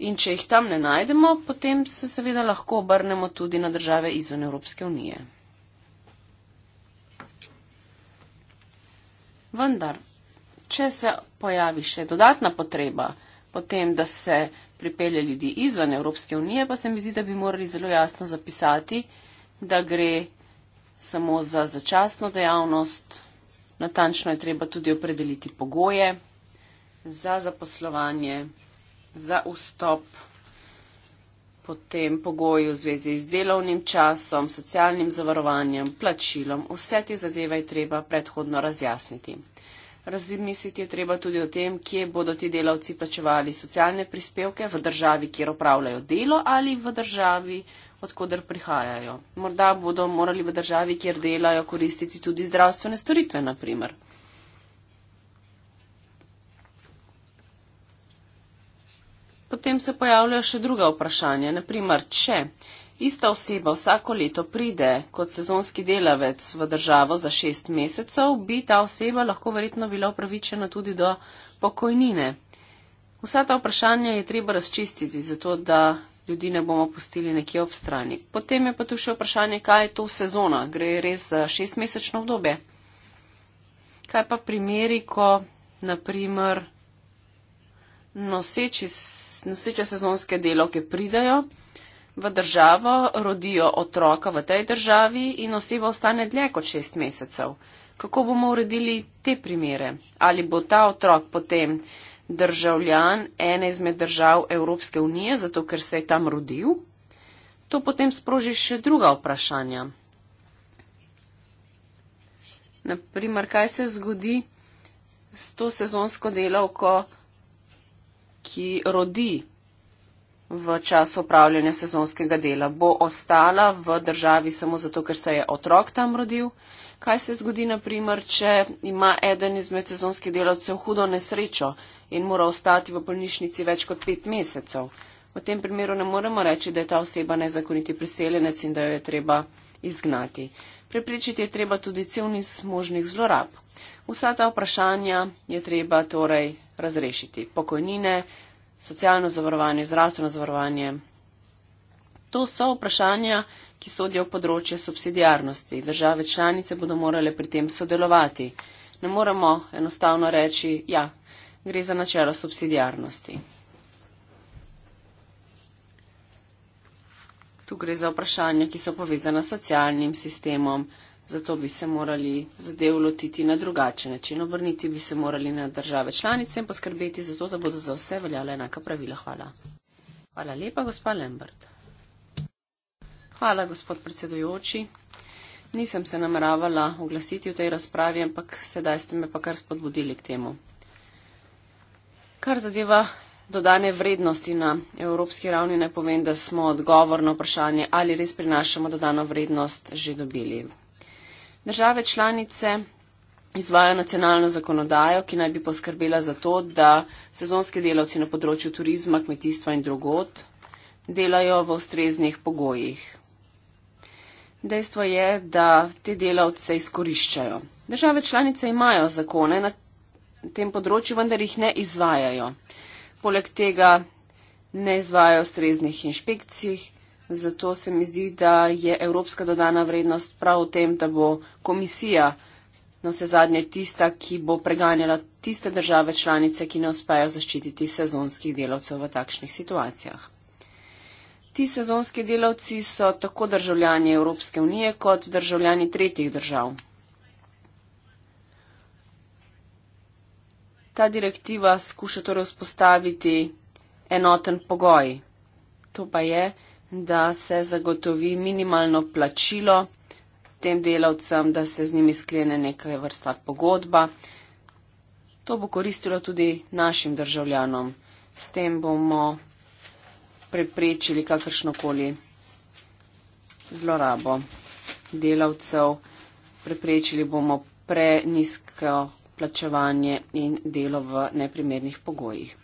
in če jih tam ne najdemo, potem se seveda lahko obrnemo tudi na države izven Evropske unije. Vendar, če se pojavi še dodatna potreba potem, da se pripelje ljudi izven Evropske unije, pa se mi zdi, da bi morali zelo jasno zapisati, da gre samo za začasno dejavnost, natančno je treba tudi opredeliti pogoje za zaposlovanje, za vstop, potem pogoji v zvezi z delovnim časom, socialnim zavarovanjem, plačilom, vse te zadeve je treba predhodno razjasniti. Razmisliti je treba tudi o tem, kje bodo ti delavci plačevali socialne prispevke, v državi, kjer opravljajo delo ali v državi, odkuder prihajajo. Morda bodo morali v državi, kjer delajo, koristiti tudi zdravstvene storitve, naprimer. Potem se pojavljajo še druga vprašanja. Naprimer, če ista oseba vsako leto pride kot sezonski delavec v državo za šest mesecev, bi ta oseba lahko verjetno bila upravičena tudi do pokojnine. Vsa ta vprašanja je treba razčistiti, zato da ljudi ne bomo pustili nekje ob strani. Potem je pa tu še vprašanje, kaj je to sezona. Gre res za šestmesečno obdobje. Kaj pa primeri, ko naprimer noseči, noseče sezonske delovke pridajo v državo, rodijo otroka v tej državi in oseba ostane dlje kot šest mesecev. Kako bomo uredili te primere? Ali bo ta otrok potem državljan ene izmed držav Evropske unije, zato ker se je tam rodil, to potem sproži še druga vprašanja. Naprimer, kaj se zgodi s to sezonsko delavko, ki rodi v času upravljanja sezonskega dela? Bo ostala v državi samo zato, ker se je otrok tam rodil? Kaj se zgodi, naprimer, če ima eden izmed sezonskih delavcev hudo nesrečo in mora ostati v bolnišnici več kot pet mesecev. V tem primeru ne moremo reči, da je ta oseba nezakoniti priseljenec in da jo je treba izgnati. Prepričiti je treba tudi cel niz možnih zlorab. Vsa ta vprašanja je treba torej razrešiti. Pokojnine, socialno zavarovanje, zdravstveno zavarovanje. To so vprašanja, ki sodijo v področje subsidijarnosti. Države članice bodo morale pri tem sodelovati. Ne moremo enostavno reči, ja, gre za načelo subsidijarnosti. Tu gre za vprašanja, ki so povezana s socialnim sistemom, zato bi se morali zadev lotiti na drugačen način. Obrniti bi se morali na države članice in poskrbeti za to, da bodo za vse veljala enaka pravila. Hvala. Hvala lepa, gospa Lembert. Hvala, gospod predsedujoči. Nisem se nameravala oglasiti v tej razpravi, ampak sedaj ste me pa kar spodbudili k temu. Kar zadeva dodane vrednosti na evropski ravni, ne povem, da smo odgovor na vprašanje, ali res prinašamo dodano vrednost, že dobili. Države članice izvajo nacionalno zakonodajo, ki naj bi poskrbela za to, da sezonski delavci na področju turizma, kmetijstva in drugot delajo v ustreznih pogojih. Dejstvo je, da te delavce izkoriščajo. Države članice imajo zakone, tem področju, vendar jih ne izvajajo. Poleg tega ne izvajajo ustreznih inšpekcij, zato se mi zdi, da je evropska dodana vrednost prav v tem, da bo komisija na vse zadnje tista, ki bo preganjala tiste države članice, ki ne uspejo zaščititi sezonskih delavcev v takšnih situacijah. Ti sezonski delavci so tako državljani Evropske unije kot državljani tretjih držav, ta direktiva skuša torej vzpostaviti enoten pogoj. To pa je, da se zagotovi minimalno plačilo tem delavcem, da se z njimi sklene neka vrsta pogodba. To bo koristilo tudi našim državljanom. S tem bomo preprečili kakršnokoli zlorabo delavcev, preprečili bomo prenisko plačevanje in delo v neprimernih pogojih.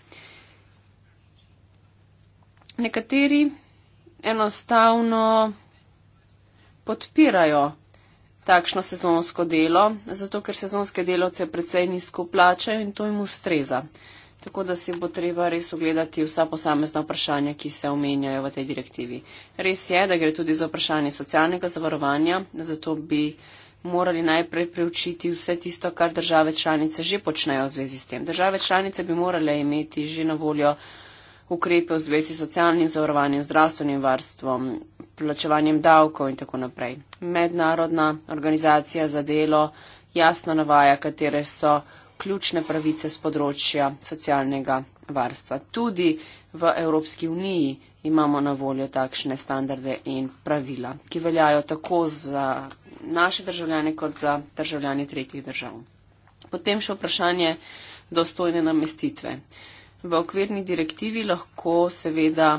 Nekateri enostavno podpirajo takšno sezonsko delo, zato ker sezonske delovce predvsej nizko plačajo in to jim ustreza. Tako da si bo treba res ogledati vsa posamezna vprašanja, ki se omenjajo v tej direktivi. Res je, da gre tudi za vprašanje socialnega zavarovanja, zato bi morali najprej preučiti vse tisto, kar države članice že počnejo v zvezi s tem. Države članice bi morale imeti že na voljo ukrepe v zvezi s socialnim zavarovanjem, zdravstvenim varstvom, plačevanjem davkov in tako naprej. Mednarodna organizacija za delo jasno navaja, katere so ključne pravice z področja socialnega varstva. Tudi v Evropski uniji imamo na voljo takšne standarde in pravila, ki veljajo tako za naše državljane kot za državljane tretjih držav. Potem še vprašanje dostojne namestitve. V okvirni direktivi lahko seveda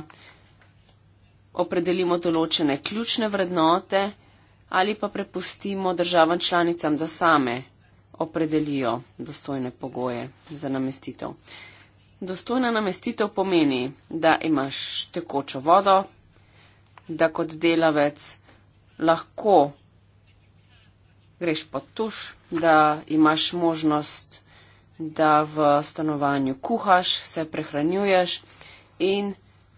opredelimo določene ključne vrednote ali pa prepustimo državam članicam, da same opredelijo dostojne pogoje za namestitev. Dostojna namestitev pomeni, da imaš tekočo vodo, da kot delavec lahko greš pod tuš, da imaš možnost, da v stanovanju kuhaš, se prehranjuješ in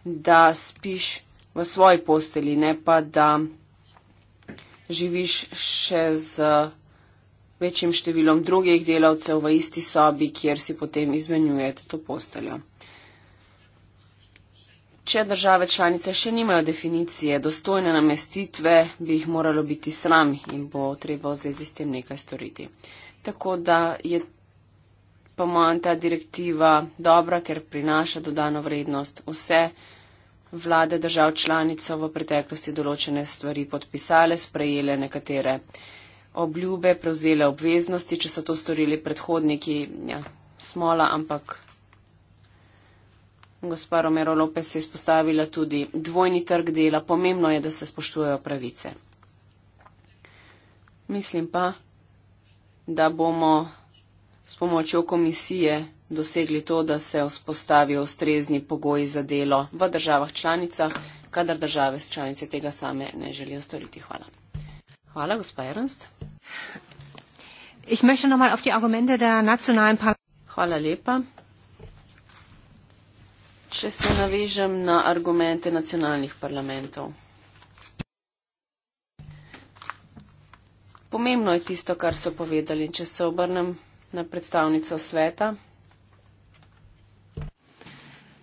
da spiš v svoji posteli, ne pa da živiš še z večjim številom drugih delavcev v isti sobi, kjer si potem izmenjujete to posteljo. Če države članice še nimajo definicije dostojne namestitve, bi jih moralo biti sram in bo treba v zvezi s tem nekaj storiti. Tako da je po mojem ta direktiva dobra, ker prinaša dodano vrednost. Vse vlade držav članic so v preteklosti določene stvari podpisale, sprejele nekatere obljube, prevzele obveznosti, če so to storili predhodniki ja, smola, ampak gospa Romero Lopez je spostavila tudi dvojni trg dela. Pomembno je, da se spoštujejo pravice. Mislim pa, da bomo s pomočjo komisije dosegli to, da se vzpostavijo ustrezni pogoji za delo v državah članicah, kadar države članice tega same ne želijo storiti. Hvala. Hvala, gospa Ernst. Ich möchte noch mal auf die Argumente der nationalen Hvala lepa. Če se navežem na argumente nacionalnih parlamentov. Pomembno je tisto, kar so povedali. Če se obrnem na predstavnico sveta.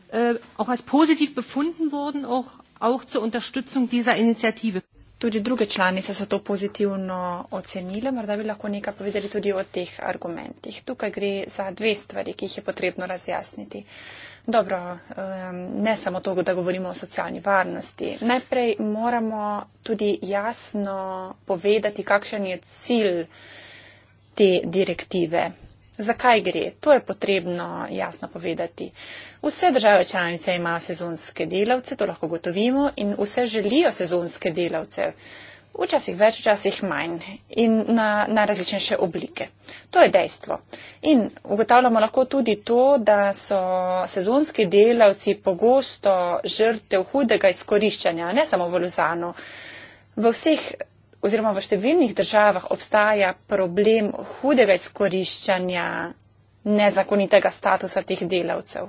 Uh, auch als positiv befunden wurden, auch, auch zur Unterstützung dieser Initiative. Tudi druge članice so to pozitivno ocenile, morda bi lahko nekaj povedali tudi o teh argumentih. Tukaj gre za dve stvari, ki jih je potrebno razjasniti. Dobro, ne samo to, da govorimo o socialni varnosti. Najprej moramo tudi jasno povedati, kakšen je cilj te direktive. Zakaj gre? To je potrebno jasno povedati. Vse države članice imajo sezonske delavce, to lahko gotovimo, in vse želijo sezonske delavce. Včasih več, včasih manj in na, na različnejše oblike. To je dejstvo. In ugotavljamo lahko tudi to, da so sezonski delavci pogosto žrtev hudega izkoriščanja, ne samo v Luzanu. V vseh oziroma v številnih državah obstaja problem hudega izkoriščanja nezakonitega statusa teh delavcev.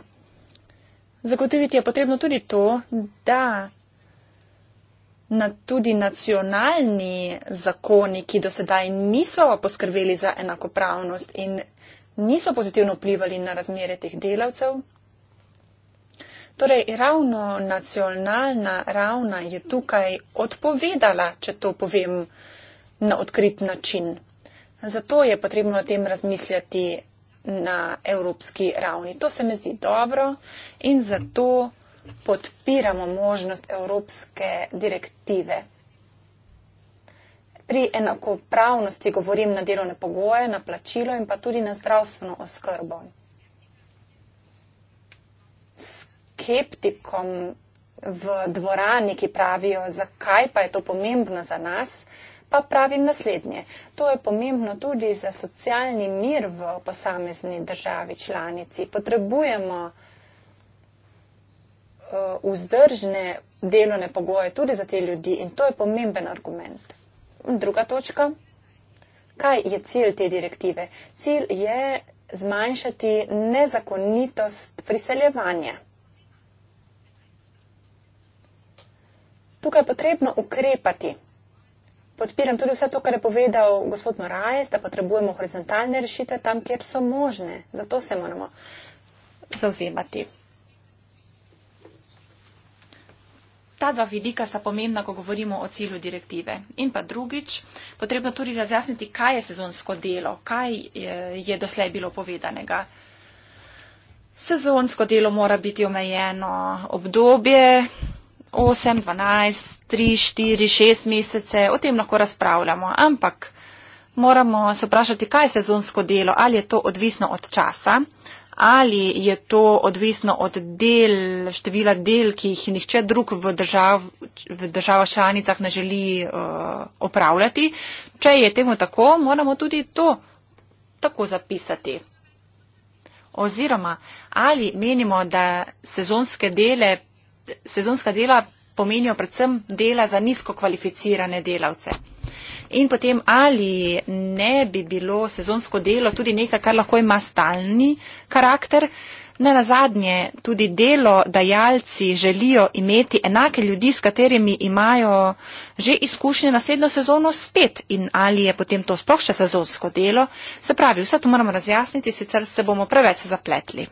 Zagotoviti je potrebno tudi to, da na tudi nacionalni zakoni, ki do sedaj niso poskrbeli za enakopravnost in niso pozitivno vplivali na razmere teh delavcev, Torej, ravno nacionalna ravna je tukaj odpovedala, če to povem na odkrit način. Zato je potrebno o tem razmisljati na evropski ravni. To se mi zdi dobro in zato podpiramo možnost evropske direktive. Pri enakopravnosti govorim na delovne pogoje, na plačilo in pa tudi na zdravstveno oskrbo. skeptikom v dvorani, ki pravijo, zakaj pa je to pomembno za nas, pa pravim naslednje. To je pomembno tudi za socialni mir v posamezni državi članici. Potrebujemo eh, vzdržne delovne pogoje tudi za te ljudi in to je pomemben argument. Druga točka. Kaj je cilj te direktive? Cilj je zmanjšati nezakonitost priseljevanja. Tukaj je potrebno ukrepati. Podpiram tudi vse to, kar je povedal gospod Morales, da potrebujemo horizontalne rešitve tam, kjer so možne. Zato se moramo zauzemati. Ta dva vidika sta pomembna, ko govorimo o cilju direktive. In pa drugič, potrebno tudi razjasniti, kaj je sezonsko delo, kaj eh, je doslej bilo povedanega. Sezonsko delo mora biti omejeno obdobje, 8, 12, 3, 4, 6 mesece, o tem lahko razpravljamo, ampak moramo se vprašati, kaj je sezonsko delo, ali je to odvisno od časa, ali je to odvisno od del, števila del, ki jih nihče drug v, držav, v državah članicah ne želi uh, opravljati. Če je temu tako, moramo tudi to tako zapisati. Oziroma, ali menimo, da sezonske dele sezonska dela pomenijo predvsem dela za nizko kvalificirane delavce. In potem, ali ne bi bilo sezonsko delo tudi nekaj, kar lahko ima stalni karakter. Na nazadnje, tudi delo dajalci želijo imeti enake ljudi, s katerimi imajo že izkušnje naslednjo sezono spet in ali je potem to sploh še sezonsko delo. Se pravi, vse to moramo razjasniti, sicer se bomo preveč zapletli.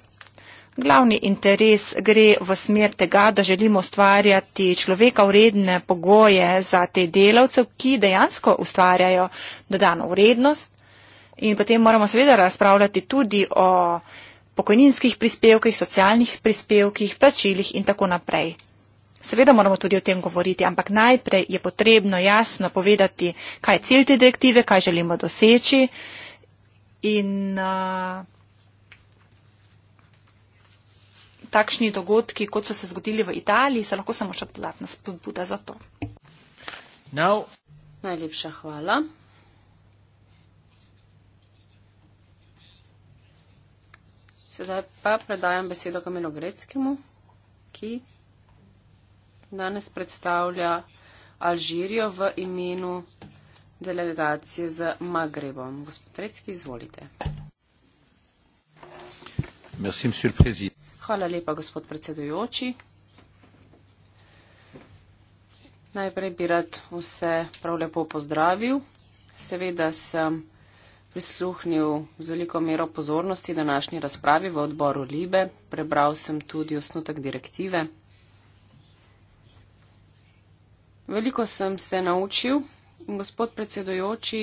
Glavni interes gre v smer tega, da želimo ustvarjati človeka vredne pogoje za te delavce, ki dejansko ustvarjajo dodano vrednost. In potem moramo seveda razpravljati tudi o pokojninskih prispevkih, socialnih prispevkih, plačilih in tako naprej. Seveda moramo tudi o tem govoriti, ampak najprej je potrebno jasno povedati, kaj je cilj te direktive, kaj želimo doseči. In, uh, takšni dogodki, kot so se zgodili v Italiji, so lahko samo še dodatna spodbuda za to. Now. Najlepša hvala. Sedaj pa predajam besedo Kamilo Greckemu, ki danes predstavlja Alžirijo v imenu delegacije z Magrebom. Gospod Grecki, izvolite. Merci, monsieur le président. Hvala lepa, gospod predsedujoči. Najprej bi rad vse prav lepo pozdravil. Seveda sem prisluhnil z veliko mero pozornosti današnji razpravi v odboru Libe. Prebral sem tudi osnutek direktive. Veliko sem se naučil. Gospod predsedujoči,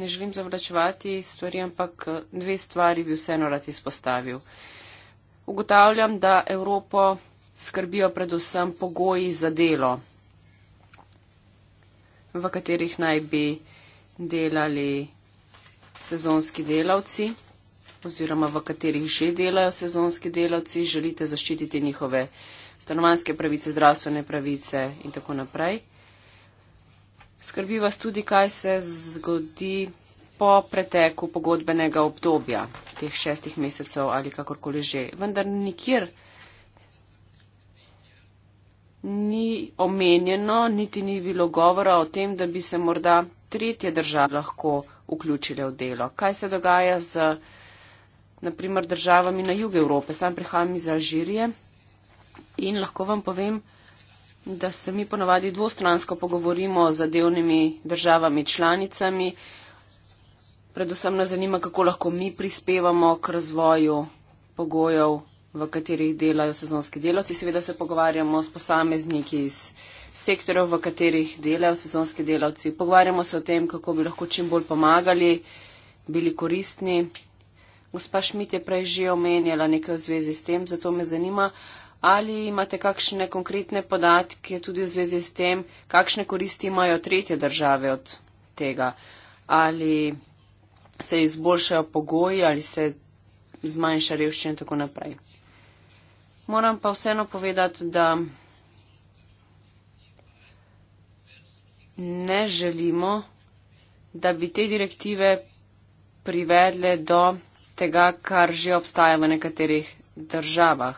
ne želim zavračevati stvari, ampak dve stvari bi vseeno rad izpostavil ugotavljam, da Evropo skrbijo predvsem pogoji za delo, v katerih naj bi delali sezonski delavci oziroma v katerih že delajo sezonski delavci, želite zaščititi njihove stanovanske pravice, zdravstvene pravice in tako naprej. Skrbi vas tudi, kaj se zgodi po preteku pogodbenega obdobja, teh šestih mesecev ali kakorkoli že. Vendar nikjer ni omenjeno, niti ni bilo govora o tem, da bi se morda tretje države lahko vključile v delo. Kaj se dogaja z naprimer državami na jugu Evrope? Sam prihajam iz Alžirije in lahko vam povem, da se mi ponavadi dvostransko pogovorimo z zadevnimi državami članicami, Predvsem nas zanima, kako lahko mi prispevamo k razvoju pogojev, v katerih delajo sezonski delavci. Seveda se pogovarjamo s posamezniki iz sektorjev, v katerih delajo sezonski delavci. Pogovarjamo se o tem, kako bi lahko čim bolj pomagali, bili koristni. Gospa Šmit je prej že omenjala nekaj v zvezi s tem, zato me zanima, ali imate kakšne konkretne podatke tudi v zvezi s tem, kakšne koristi imajo tretje države od tega. Ali se izboljšajo pogoji ali se zmanjša revščina in tako naprej. Moram pa vseeno povedati, da ne želimo, da bi te direktive privedle do tega, kar že obstaja v nekaterih državah.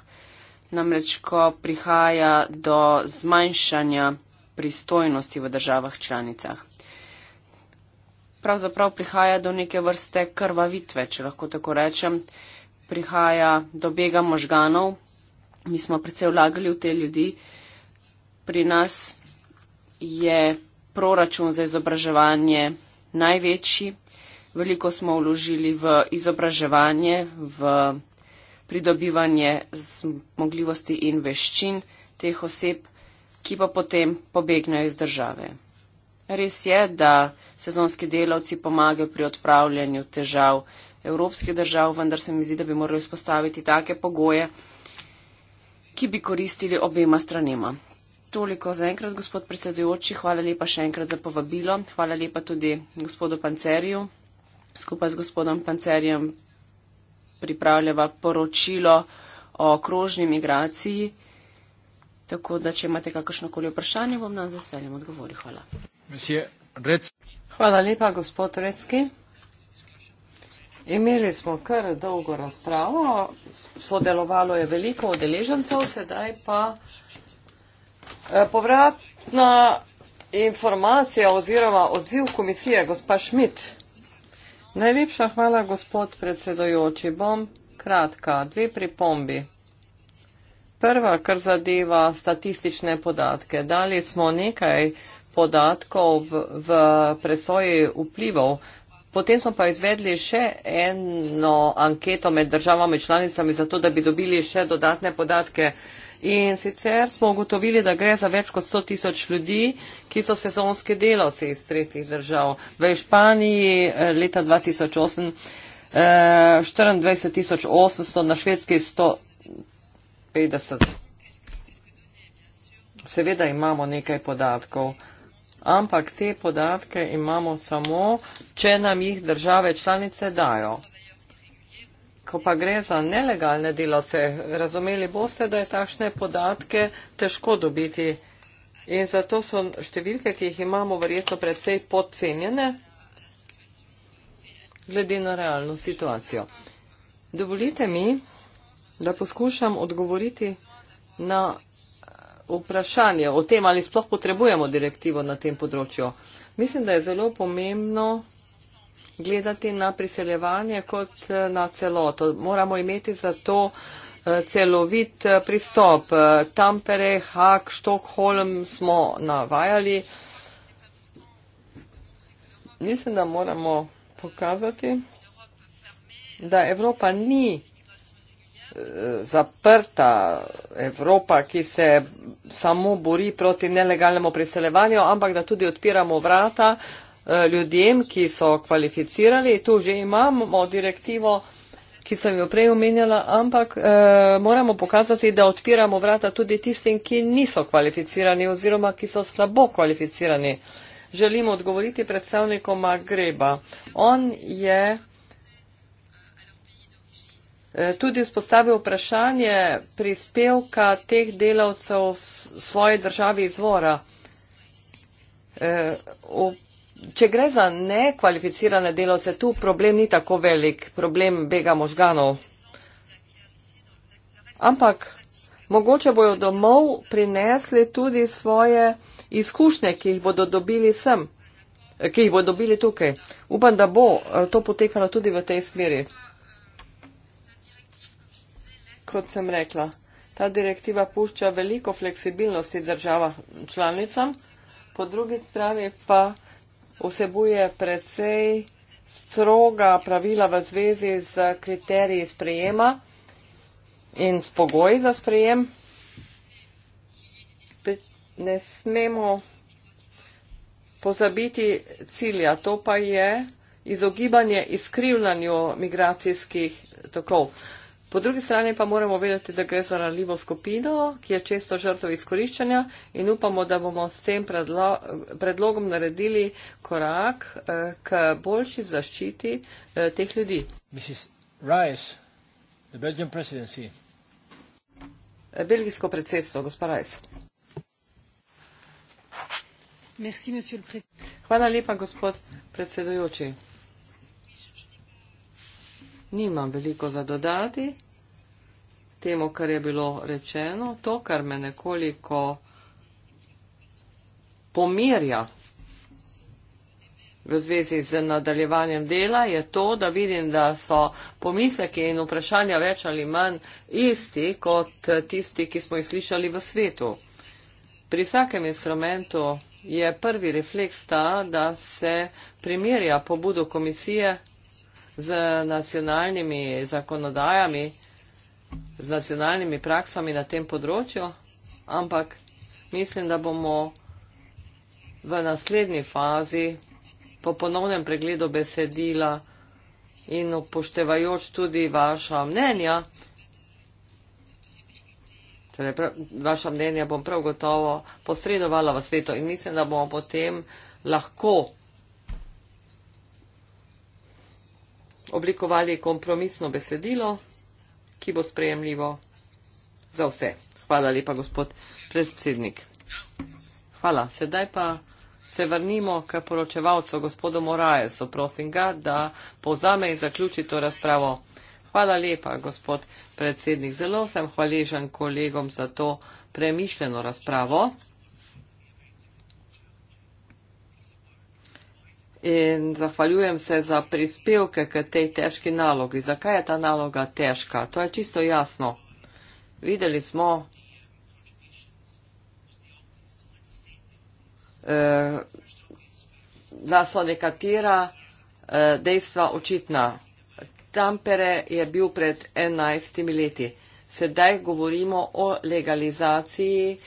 Namreč, ko prihaja do zmanjšanja pristojnosti v državah članicah pravzaprav prihaja do neke vrste krvavitve, če lahko tako rečem, prihaja do bega možganov. Mi smo precej vlagali v te ljudi. Pri nas je proračun za izobraževanje največji. Veliko smo vložili v izobraževanje, v pridobivanje zmogljivosti in veščin teh oseb, ki pa potem pobegnejo iz države. Res je, da sezonski delavci pomagajo pri odpravljanju težav evropskih držav, vendar se mi zdi, da bi morali spostaviti take pogoje, ki bi koristili obema stranema. Toliko za enkrat, gospod predsedujoči. Hvala lepa še enkrat za povabilo. Hvala lepa tudi gospodu Pancerju. Skupaj z gospodom Pancerjem pripravljava poročilo o krožni migraciji. Tako da, če imate kakršnokoli vprašanje, bom nam z veseljem odgovoril. Hvala. Imeli smo kar dolgo razpravo, sodelovalo je veliko odeležencev, sedaj pa eh, povratna informacija oziroma odziv komisije, gospa Šmit. Najlepša hvala, gospod predsedojoči. Bom kratka, dve pripombi. Prva, kar zadeva statistične podatke. Dali smo nekaj podatkov, podatkov v, v presoji vplivov. Potem smo pa izvedli še eno anketo med državami članicami, zato da bi dobili še dodatne podatke. In sicer smo ugotovili, da gre za več kot 100 tisoč ljudi, ki so sezonski delavci iz tretjih držav. V Španiji eh, leta 2008 eh, 24 tisoč 800, na švedski 150. Seveda imamo nekaj podatkov ampak te podatke imamo samo, če nam jih države članice dajo. Ko pa gre za nelegalne delavce, razumeli boste, da je takšne podatke težko dobiti. In zato so številke, ki jih imamo, verjetno predvsej podcenjene, glede na realno situacijo. Dovolite mi, da poskušam odgovoriti na vprašanje o tem, ali sploh potrebujemo direktivo na tem področju. Mislim, da je zelo pomembno gledati na priseljevanje kot eh, na celoto. Moramo imeti za to eh, celovit eh, pristop. Tampere, Haag, Štokholm smo navajali. Mislim, da moramo pokazati, da Evropa ni zaprta Evropa, ki se samo bori proti nelegalnemu priseljevanju, ampak da tudi odpiramo vrata eh, ljudem, ki so kvalificirali. Tu že imamo direktivo, ki sem jo prej omenjala, ampak eh, moramo pokazati, da odpiramo vrata tudi tistim, ki niso kvalificirani oziroma ki so slabo kvalificirani. Želim odgovoriti predstavnikom Magreba. On je tudi spostavil vprašanje prispevka teh delavcev svoje države izvora. E, če gre za nekvalificirane delavce, tu problem ni tako velik, problem bega možganov. Ampak mogoče bojo domov prinesli tudi svoje izkušnje, ki jih bodo dobili sem, ki jih bodo dobili tukaj. Upam, da bo e, to potekalo tudi v tej smeri kot sem rekla, ta direktiva pušča veliko fleksibilnosti država članicam, po drugi strani pa vsebuje precej stroga pravila v zvezi z kriteriji sprejema in s pogoji za sprejem. Ne smemo pozabiti cilja, to pa je izogibanje izkrivljanju migracijskih tokov. Po drugi strani pa moramo vedeti, da gre za ranljivo skupino, ki je često žrtov izkoriščanja in upamo, da bomo s tem predlo predlogom naredili korak eh, k boljši zaščiti eh, teh ljudi. Eh, belgijsko predsedstvo, gospod Rajs. Merci, Hvala lepa, gospod predsedujoči nimam veliko za dodati temu, kar je bilo rečeno, to, kar me nekoliko pomirja v zvezi z nadaljevanjem dela, je to, da vidim, da so pomisleki in vprašanja več ali manj isti kot tisti, ki smo jih slišali v svetu. Pri vsakem instrumentu je prvi refleks ta, da se primerja pobudo komisije z nacionalnimi zakonodajami, z nacionalnimi praksami na tem področju, ampak mislim, da bomo v naslednji fazi po ponovnem pregledu besedila in upoštevajoč tudi vaša mnenja, torej vaša mnenja bom prav gotovo posredovala v svetu in mislim, da bomo potem lahko oblikovali kompromisno besedilo, ki bo sprejemljivo za vse. Hvala lepa, gospod predsednik. Hvala. Sedaj pa se vrnimo k poročevalcu, gospodu Moraesu. Prosim ga, da povzame in zaključi to razpravo. Hvala lepa, gospod predsednik. Zelo sem hvaležen kolegom za to premišljeno razpravo. In zahvaljujem se za prispevke k tej težki nalogi. Zakaj je ta naloga težka? To je čisto jasno. Videli smo, eh, da so nekatera eh, dejstva očitna. Tampere je bil pred 11 leti. Sedaj govorimo o legalizaciji.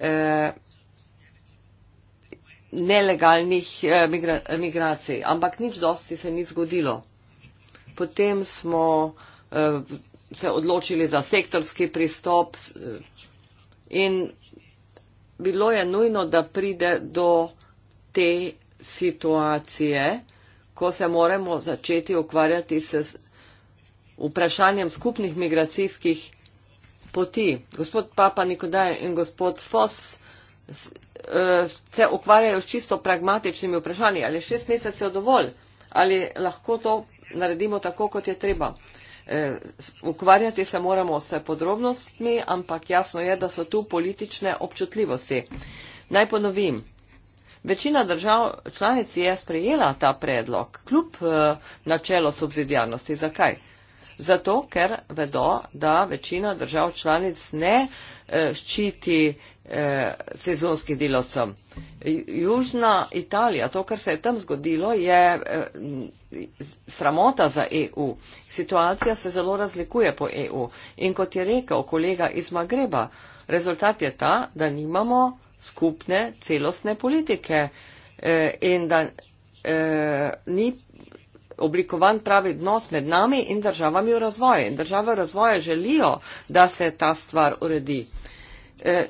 Eh, nelegalnih eh, migra migracij, ampak nič dosti se ni zgodilo. Potem smo uh, se odločili za sektorski pristop eh, in bilo je nujno, da pride do te situacije, ko se moramo začeti ukvarjati s vprašanjem skupnih migracijskih poti. Gospod Papa Nikodaj in gospod Fos Eh, se ukvarjajo s čisto pragmatičnimi vprašanji, ali šest mesecev dovolj, ali lahko to naredimo tako, kot je treba. Eh, ukvarjati se moramo s podrobnostmi, ampak jasno je, da so tu politične občutljivosti. Naj ponovim. Večina držav članic je sprejela ta predlog, kljub eh, načelo subsidijarnosti. Zakaj? zato ker vedo, da večina držav članic ne eh, ščiti eh, sezonskih delavcev. Južna Italija, to, kar se je tam zgodilo, je eh, sramota za EU. Situacija se zelo razlikuje po EU. In kot je rekel kolega iz Magreba, rezultat je ta, da nimamo skupne celostne politike in da ni oblikovan pravi odnos med nami in državami v razvoju. In države v razvoju želijo, da se ta stvar uredi. E,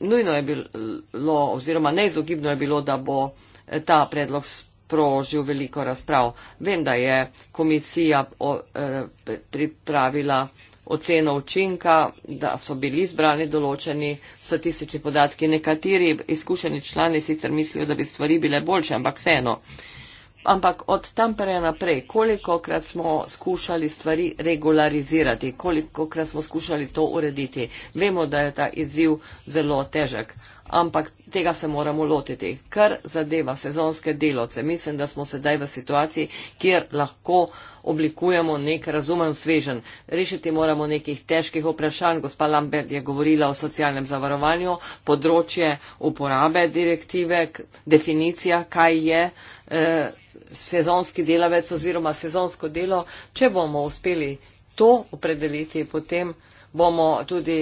nujno je bilo oziroma neizogibno je bilo, da bo e, ta predlog sprožil veliko razprav. Vem, da je komisija o, e, pripravila oceno učinka, da so bili zbrani določeni statistični podatki. Nekateri izkušeni člani sicer mislijo, da bi stvari bile boljše, ampak vseeno. E, Ampak od tam prej naprej, koliko krat smo skušali stvari regularizirati, koliko krat smo skušali to urediti, vemo, da je ta izziv zelo težek. Ampak tega se moramo lotiti. Kar zadeva sezonske delovce, mislim, da smo sedaj v situaciji, kjer lahko oblikujemo nek razumen svežen. Rešiti moramo nekih težkih vprašanj. Gospa Lambert je govorila o socialnem zavarovanju, področje uporabe direktive, definicija, kaj je. Eh, sezonski delavec oziroma sezonsko delo. Če bomo uspeli to opredeliti, potem bomo tudi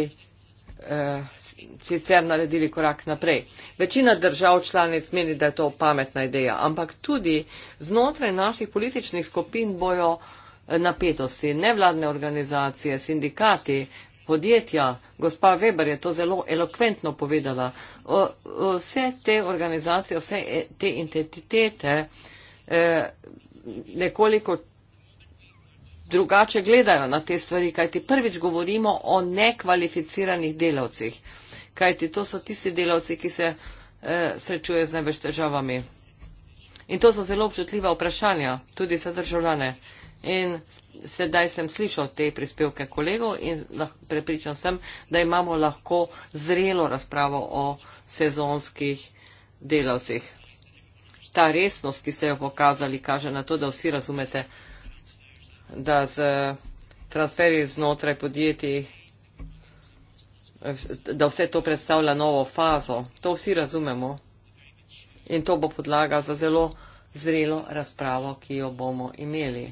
eh, sicer naredili korak naprej. Večina držav članic meni, da je to pametna ideja, ampak tudi znotraj naših političnih skupin bojo eh, napetosti. Nevladne organizacije, sindikati, podjetja. Gospa Weber je to zelo elokventno povedala. Vse te organizacije, vse e, te identitete e, nekoliko drugače gledajo na te stvari, kajti prvič govorimo o nekvalificiranih delavcih, kajti to so tisti delavci, ki se e, srečuje z največ težavami. In to so zelo občutljiva vprašanja, tudi za državljane. In sedaj sem slišal te prispevke kolegov in prepričan sem, da imamo lahko zrelo razpravo o sezonskih delavcih. Ta resnost, ki ste jo pokazali, kaže na to, da vsi razumete, da z transferji znotraj podjetij, da vse to predstavlja novo fazo. To vsi razumemo. In to bo podlaga za zelo zrelo razpravo, ki jo bomo imeli.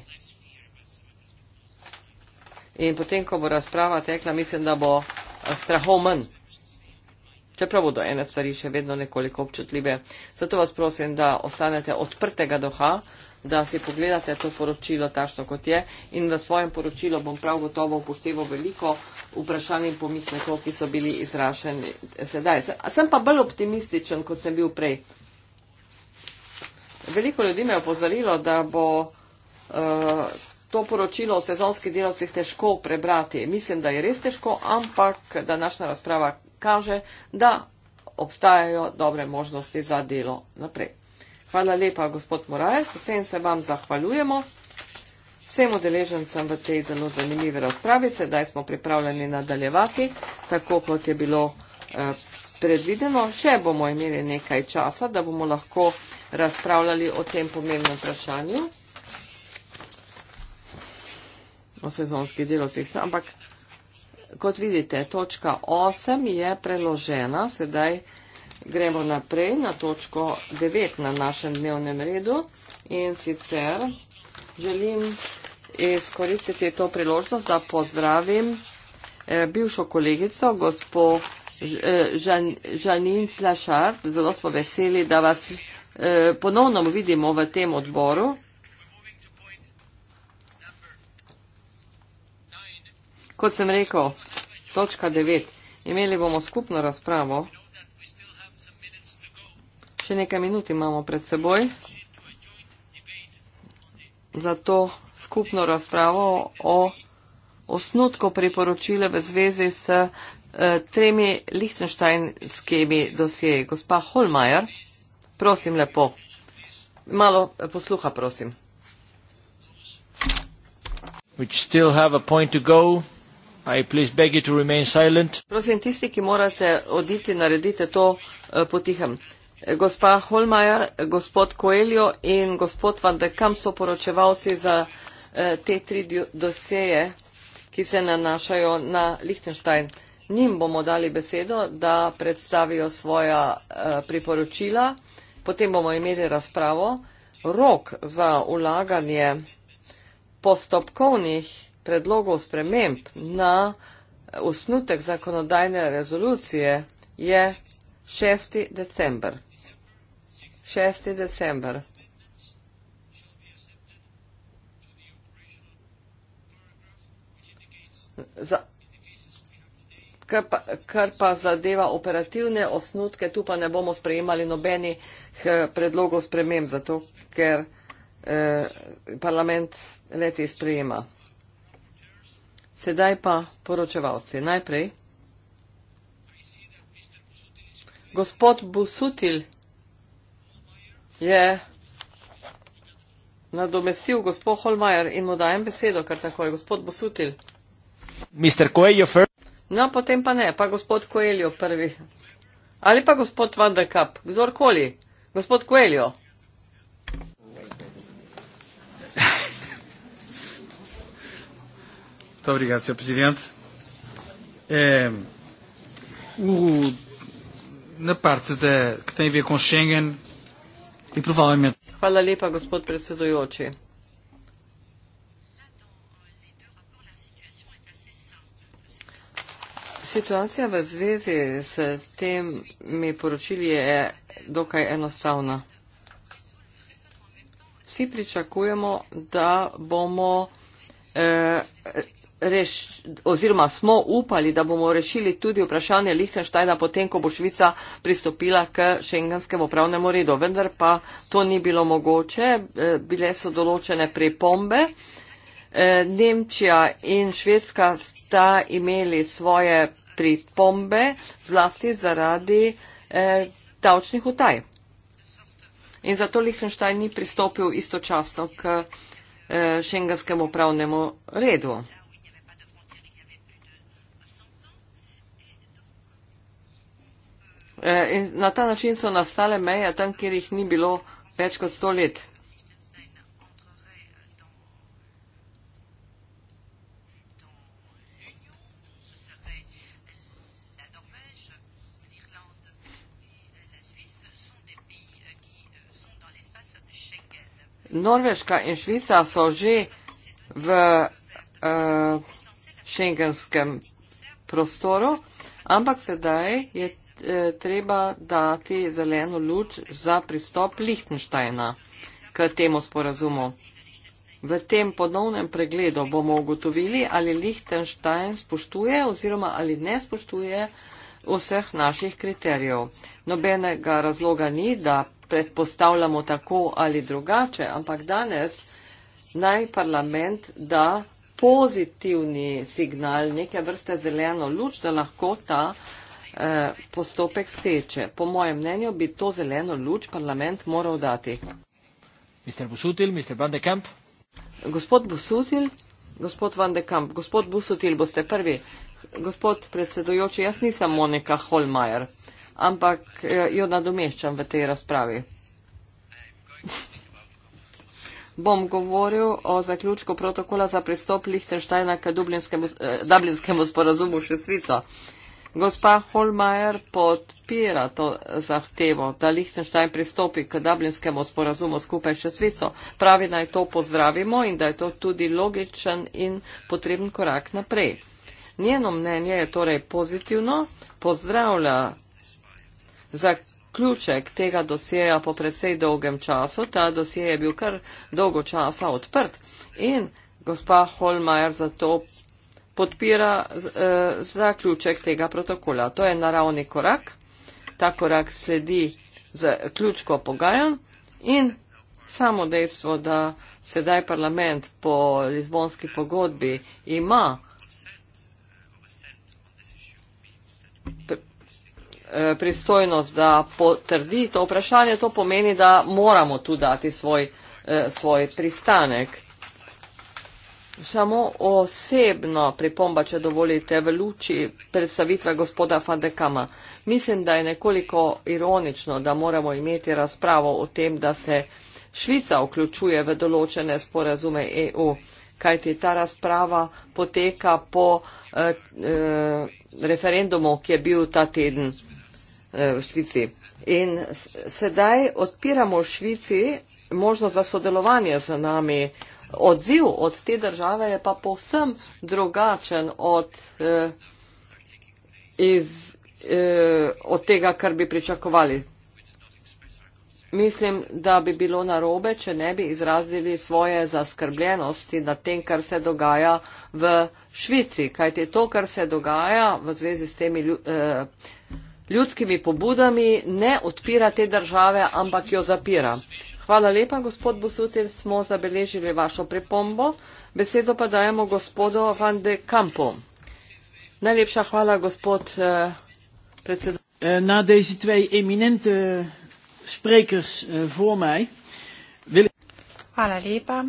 In potem, ko bo razprava tekla, mislim, da bo eh, strahov manj. Čeprav bodo ene stvari še vedno nekoliko občutljive. Zato vas prosim, da ostanete odprtega doha, da si pogledate to poročilo tašno kot je. In v svojem poročilu bom prav gotovo upošteval veliko vprašanj in pomislekov, ki so bili izrašeni sedaj. Sem pa bolj optimističen, kot sem bil prej. Veliko ljudi me je opozorilo, da bo. Uh, to poročilo o sezonskih delavcih težko prebrati. Mislim, da je res težko, ampak današnja razprava kaže, da obstajajo dobre možnosti za delo naprej. Hvala lepa, gospod Morajes, vsem se vam zahvaljujemo. Vsem udeležencem v tej zelo zanimivi razpravi, sedaj smo pripravljeni nadaljevati, tako kot je bilo eh, predvideno. Še bomo imeli nekaj časa, da bomo lahko razpravljali o tem pomembnem vprašanju o sezonskih delovcih. Ampak, kot vidite, točka 8 je preložena, sedaj gremo naprej na točko 9 na našem dnevnem redu in sicer želim izkoristiti to priložnost, da pozdravim eh, bivšo kolegico, gospo eh, Žanin Plašar. Zelo smo veseli, da vas eh, ponovno vidimo v tem odboru. Kot sem rekel, točka 9. Imeli bomo skupno razpravo. Še nekaj minut imamo pred seboj za to skupno razpravo o osnutku priporočila v zvezi s eh, tremi lihtenštajnskimi dosjeji. Gospa Holmajer, prosim lepo, malo eh, posluha, prosim. Prosim, tisti, ki morate oditi, naredite to eh, potihem. Gospa Holmajer, gospod Koeljo in gospod Van de Kamp so poročevalci za eh, te tri doseje, ki se nanašajo na Lichtenstein. Njim bomo dali besedo, da predstavijo svoja eh, priporočila, potem bomo imeli razpravo. Rok za ulaganje postopkovnih predlogov sprememb na osnutek zakonodajne rezolucije je 6. december. 6. december. Za, kar, pa, kar pa zadeva operativne osnutke, tu pa ne bomo sprejemali nobenih eh, predlogov sprememb, zato ker eh, parlament leti sprejema. Sedaj pa poročevalci. Najprej. Gospod Busutil je nadomestil gospod Holmajer in mu dajem besedo, ker tako je. Gospod Busutil. No, potem pa ne, pa gospod Coelho prvi. Ali pa gospod Van de Kap, kdorkoli. Gospod Coelho. Muito obrigado, Sr. Presidente. É, ehm, o, na parte da, que tem a ver com Schengen, e provavelmente. Fala ali para o Sr. Presidente. Situacija v zvezi s temi poročili je dokaj enostavna. Vsi pričakujemo, da bomo Eh, reš, oziroma smo upali, da bomo rešili tudi vprašanje Lichtensteina potem, ko bo Švica pristopila k šengenskemu pravnemu redu. Vendar pa to ni bilo mogoče, eh, bile so določene pripombe. Eh, Nemčija in Švedska sta imeli svoje pripombe zlasti zaradi eh, davčnih utaj. In zato Lichtenstein ni pristopil istočasno k eh, Eh, šengenskemu pravnemu redu. Eh, in na ta način so nastale meje tam, kjer jih ni bilo več kot sto let. Norveška in Švica so že v uh, šengenskem prostoru, ampak sedaj je eh, treba dati zeleno luč za pristop Lichtensteina k temu sporazumu. V tem ponovnem pregledu bomo ugotovili, ali Lichtenstein spoštuje oziroma ali ne spoštuje vseh naših kriterijev. Nobenega razloga ni, da predpostavljamo tako ali drugače, ampak danes naj parlament da pozitivni signal, neke vrste zeleno luč, da lahko ta eh, postopek steče. Po mojem mnenju bi to zeleno luč parlament moral dati. Mr. Busutil, Mr. Van de Kamp. Gospod Busutil, gospod Van de Kamp, gospod Busutil, boste prvi. Gospod predsedujoči, jaz nisem Monika Holmajer. Eh, ampak eh, jo nadomeščam v tej razpravi. Bom govoril o zaključku protokola za pristop Lichtensteina k dublinskemu, eh, dublinskemu sporazumu še svico. Gospa Holmajer podpira to zahtevo, da Lichtenstein pristopi k dublinskemu sporazumu skupaj še svico. Pravi naj to pozdravimo in da je to tudi logičen in potreben korak naprej. Njeno mnenje je torej pozitivno, pozdravlja Zaključek tega dosjeja po predvsej dolgem času, ta dosje je bil kar dolgo časa odprt in gospa Holmajer zato podpira eh, zaključek tega protokola. To je naravni korak. Ta korak sledi z ključko pogajan in samo dejstvo, da sedaj parlament po Lizbonski pogodbi ima Eh, pristojnost, da potrdi to vprašanje, to pomeni, da moramo tu dati svoj, eh, svoj pristanek. Samo osebno pripomba, če dovolite, v luči predstavitve gospoda Fandekama. Mislim, da je nekoliko ironično, da moramo imeti razpravo o tem, da se Švica vključuje v določene sporazume EU, kajti ta razprava poteka po eh, eh, referendumu, ki je bil ta teden. Eh, v Švici. In sedaj odpiramo v Švici možnost za sodelovanje z nami. Odziv od te države je pa povsem drugačen od, eh, iz, eh, od tega, kar bi pričakovali. Mislim, da bi bilo narobe, če ne bi izrazili svoje zaskrbljenosti nad tem, kar se dogaja v Švici. Kajte to, kar se dogaja v zvezi s temi. Eh, ljudskimi pobudami ne odpira te države, ampak jo zapira. Hvala lepa, gospod Busutir, smo zabeležili vašo pripombo. Besedo pa dajemo gospodu Van de Kampu. Najlepša hvala, gospod eh, predsednik. Eh, na deze dve eminente eh, sprekers eh, voor mij. Hvala lepa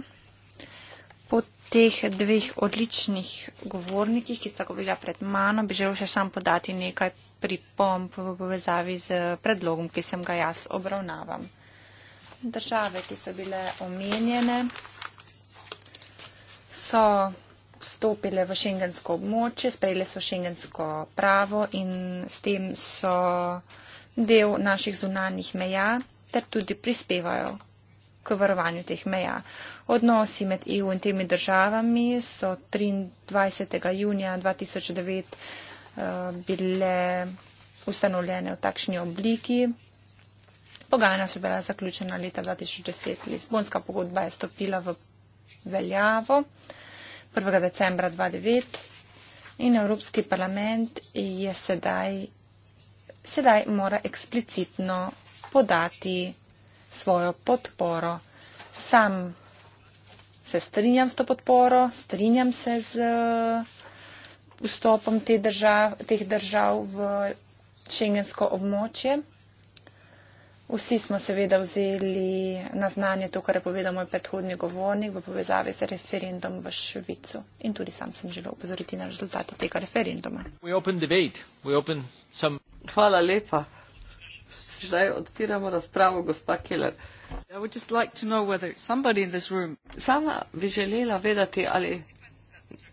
teh dveh odličnih govornikih, ki sta govorila pred mano, bi želel še sam podati nekaj pripomp v povezavi z predlogom, ki sem ga jaz obravnavam. Države, ki so bile omenjene, so vstopile v šengensko območje, sprejele so šengensko pravo in s tem so del naših zunanjih meja ter tudi prispevajo k varovanju teh meja. Odnosi med EU in temi državami so 23. junija 2009 uh, eh, bile ustanovljene v takšni obliki. Pogajanja so bila zaključena leta 2010. Lisbonska pogodba je stopila v veljavo 1. decembra 2009 in Evropski parlament je sedaj, sedaj mora eksplicitno podati svojo podporo. Sam se strinjam s to podporo, strinjam se z uh, vstopom te držav, teh držav v šengensko območje. Vsi smo seveda vzeli na znanje to, kar je povedal moj predhodni govornik v povezavi z referendum v Švicu. In tudi sam sem želel upozoriti na rezultate tega referenduma. Hvala lepa zdaj odpiramo razpravo, gospa Keller. Like room... Sama bi želela vedeti, ali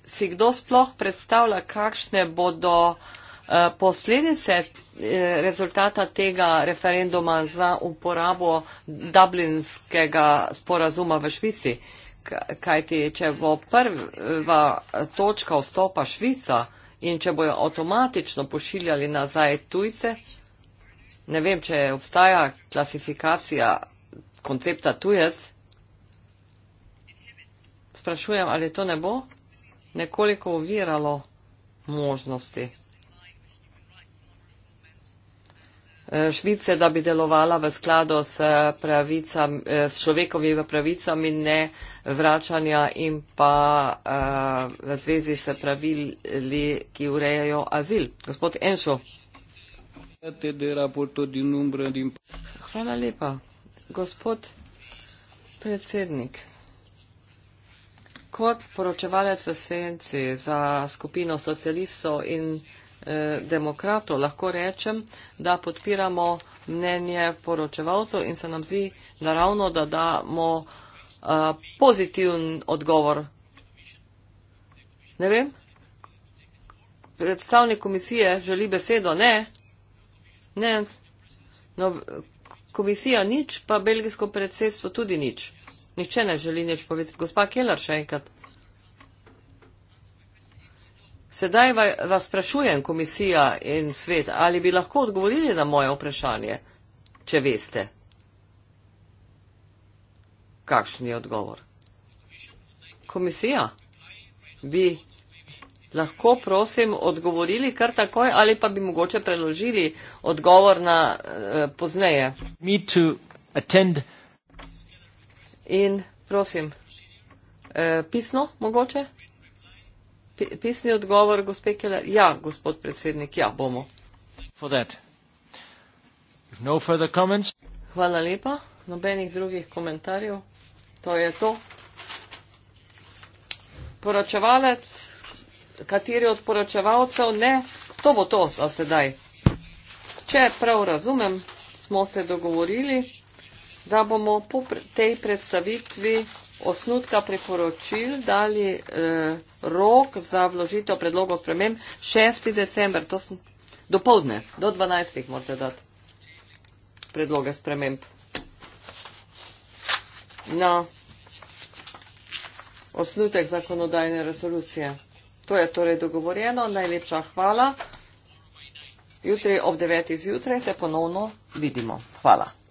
si kdo sploh predstavlja, kakšne bodo eh, posledice eh, rezultata tega referenduma za uporabo dublinskega sporazuma v Švici. Kajti, če bo prva eh, točka vstopa Švica in če bojo avtomatično pošiljali nazaj tujce, ne vem, če obstaja klasifikacija koncepta tujec. Sprašujem, ali to ne bo nekoliko oviralo možnosti e, Švice, da bi delovala v skladu s, pravicam, e, s človekovimi pravicami, ne vračanja in pa e, v zvezi s pravili, ki urejajo azil. Gospod Enšo. Hvala lepa, gospod predsednik. Kot poročevalec v senci za skupino socialistov in eh, demokratov lahko rečem, da podpiramo mnenje poročevalcev in se nam zdi naravno, da damo eh, pozitiven odgovor. Ne vem, predstavnik komisije želi besedo, ne? Ne, no, komisija nič, pa belgijsko predsedstvo tudi nič. Nihče ne želi nič povedati. Gospa Keller, še enkrat. Sedaj vas sprašujem, komisija in svet, ali bi lahko odgovorili na moje vprašanje, če veste. Kakšen je odgovor? Komisija bi lahko prosim odgovorili kar takoj ali pa bi mogoče preložili odgovor na eh, pozneje. In prosim, eh, pisno mogoče? P pisni odgovor, gospe Keller. Ja, gospod predsednik, ja, bomo. No Hvala lepa. Nobenih drugih komentarjev. To je to. Poročevalec kateri od poročevalcev ne, to bo to za sedaj. Če prav razumem, smo se dogovorili, da bomo po tej predstavitvi osnutka priporočil dali eh, rok za vložitev predlogov sprememb 6. december, to sem do povdne, do 12. morate dati predloge sprememb na osnutek zakonodajne rezolucije. To je torej dogovorjeno, najlepša hvala. Jutri ob 9. zjutraj se ponovno vidimo. Hvala.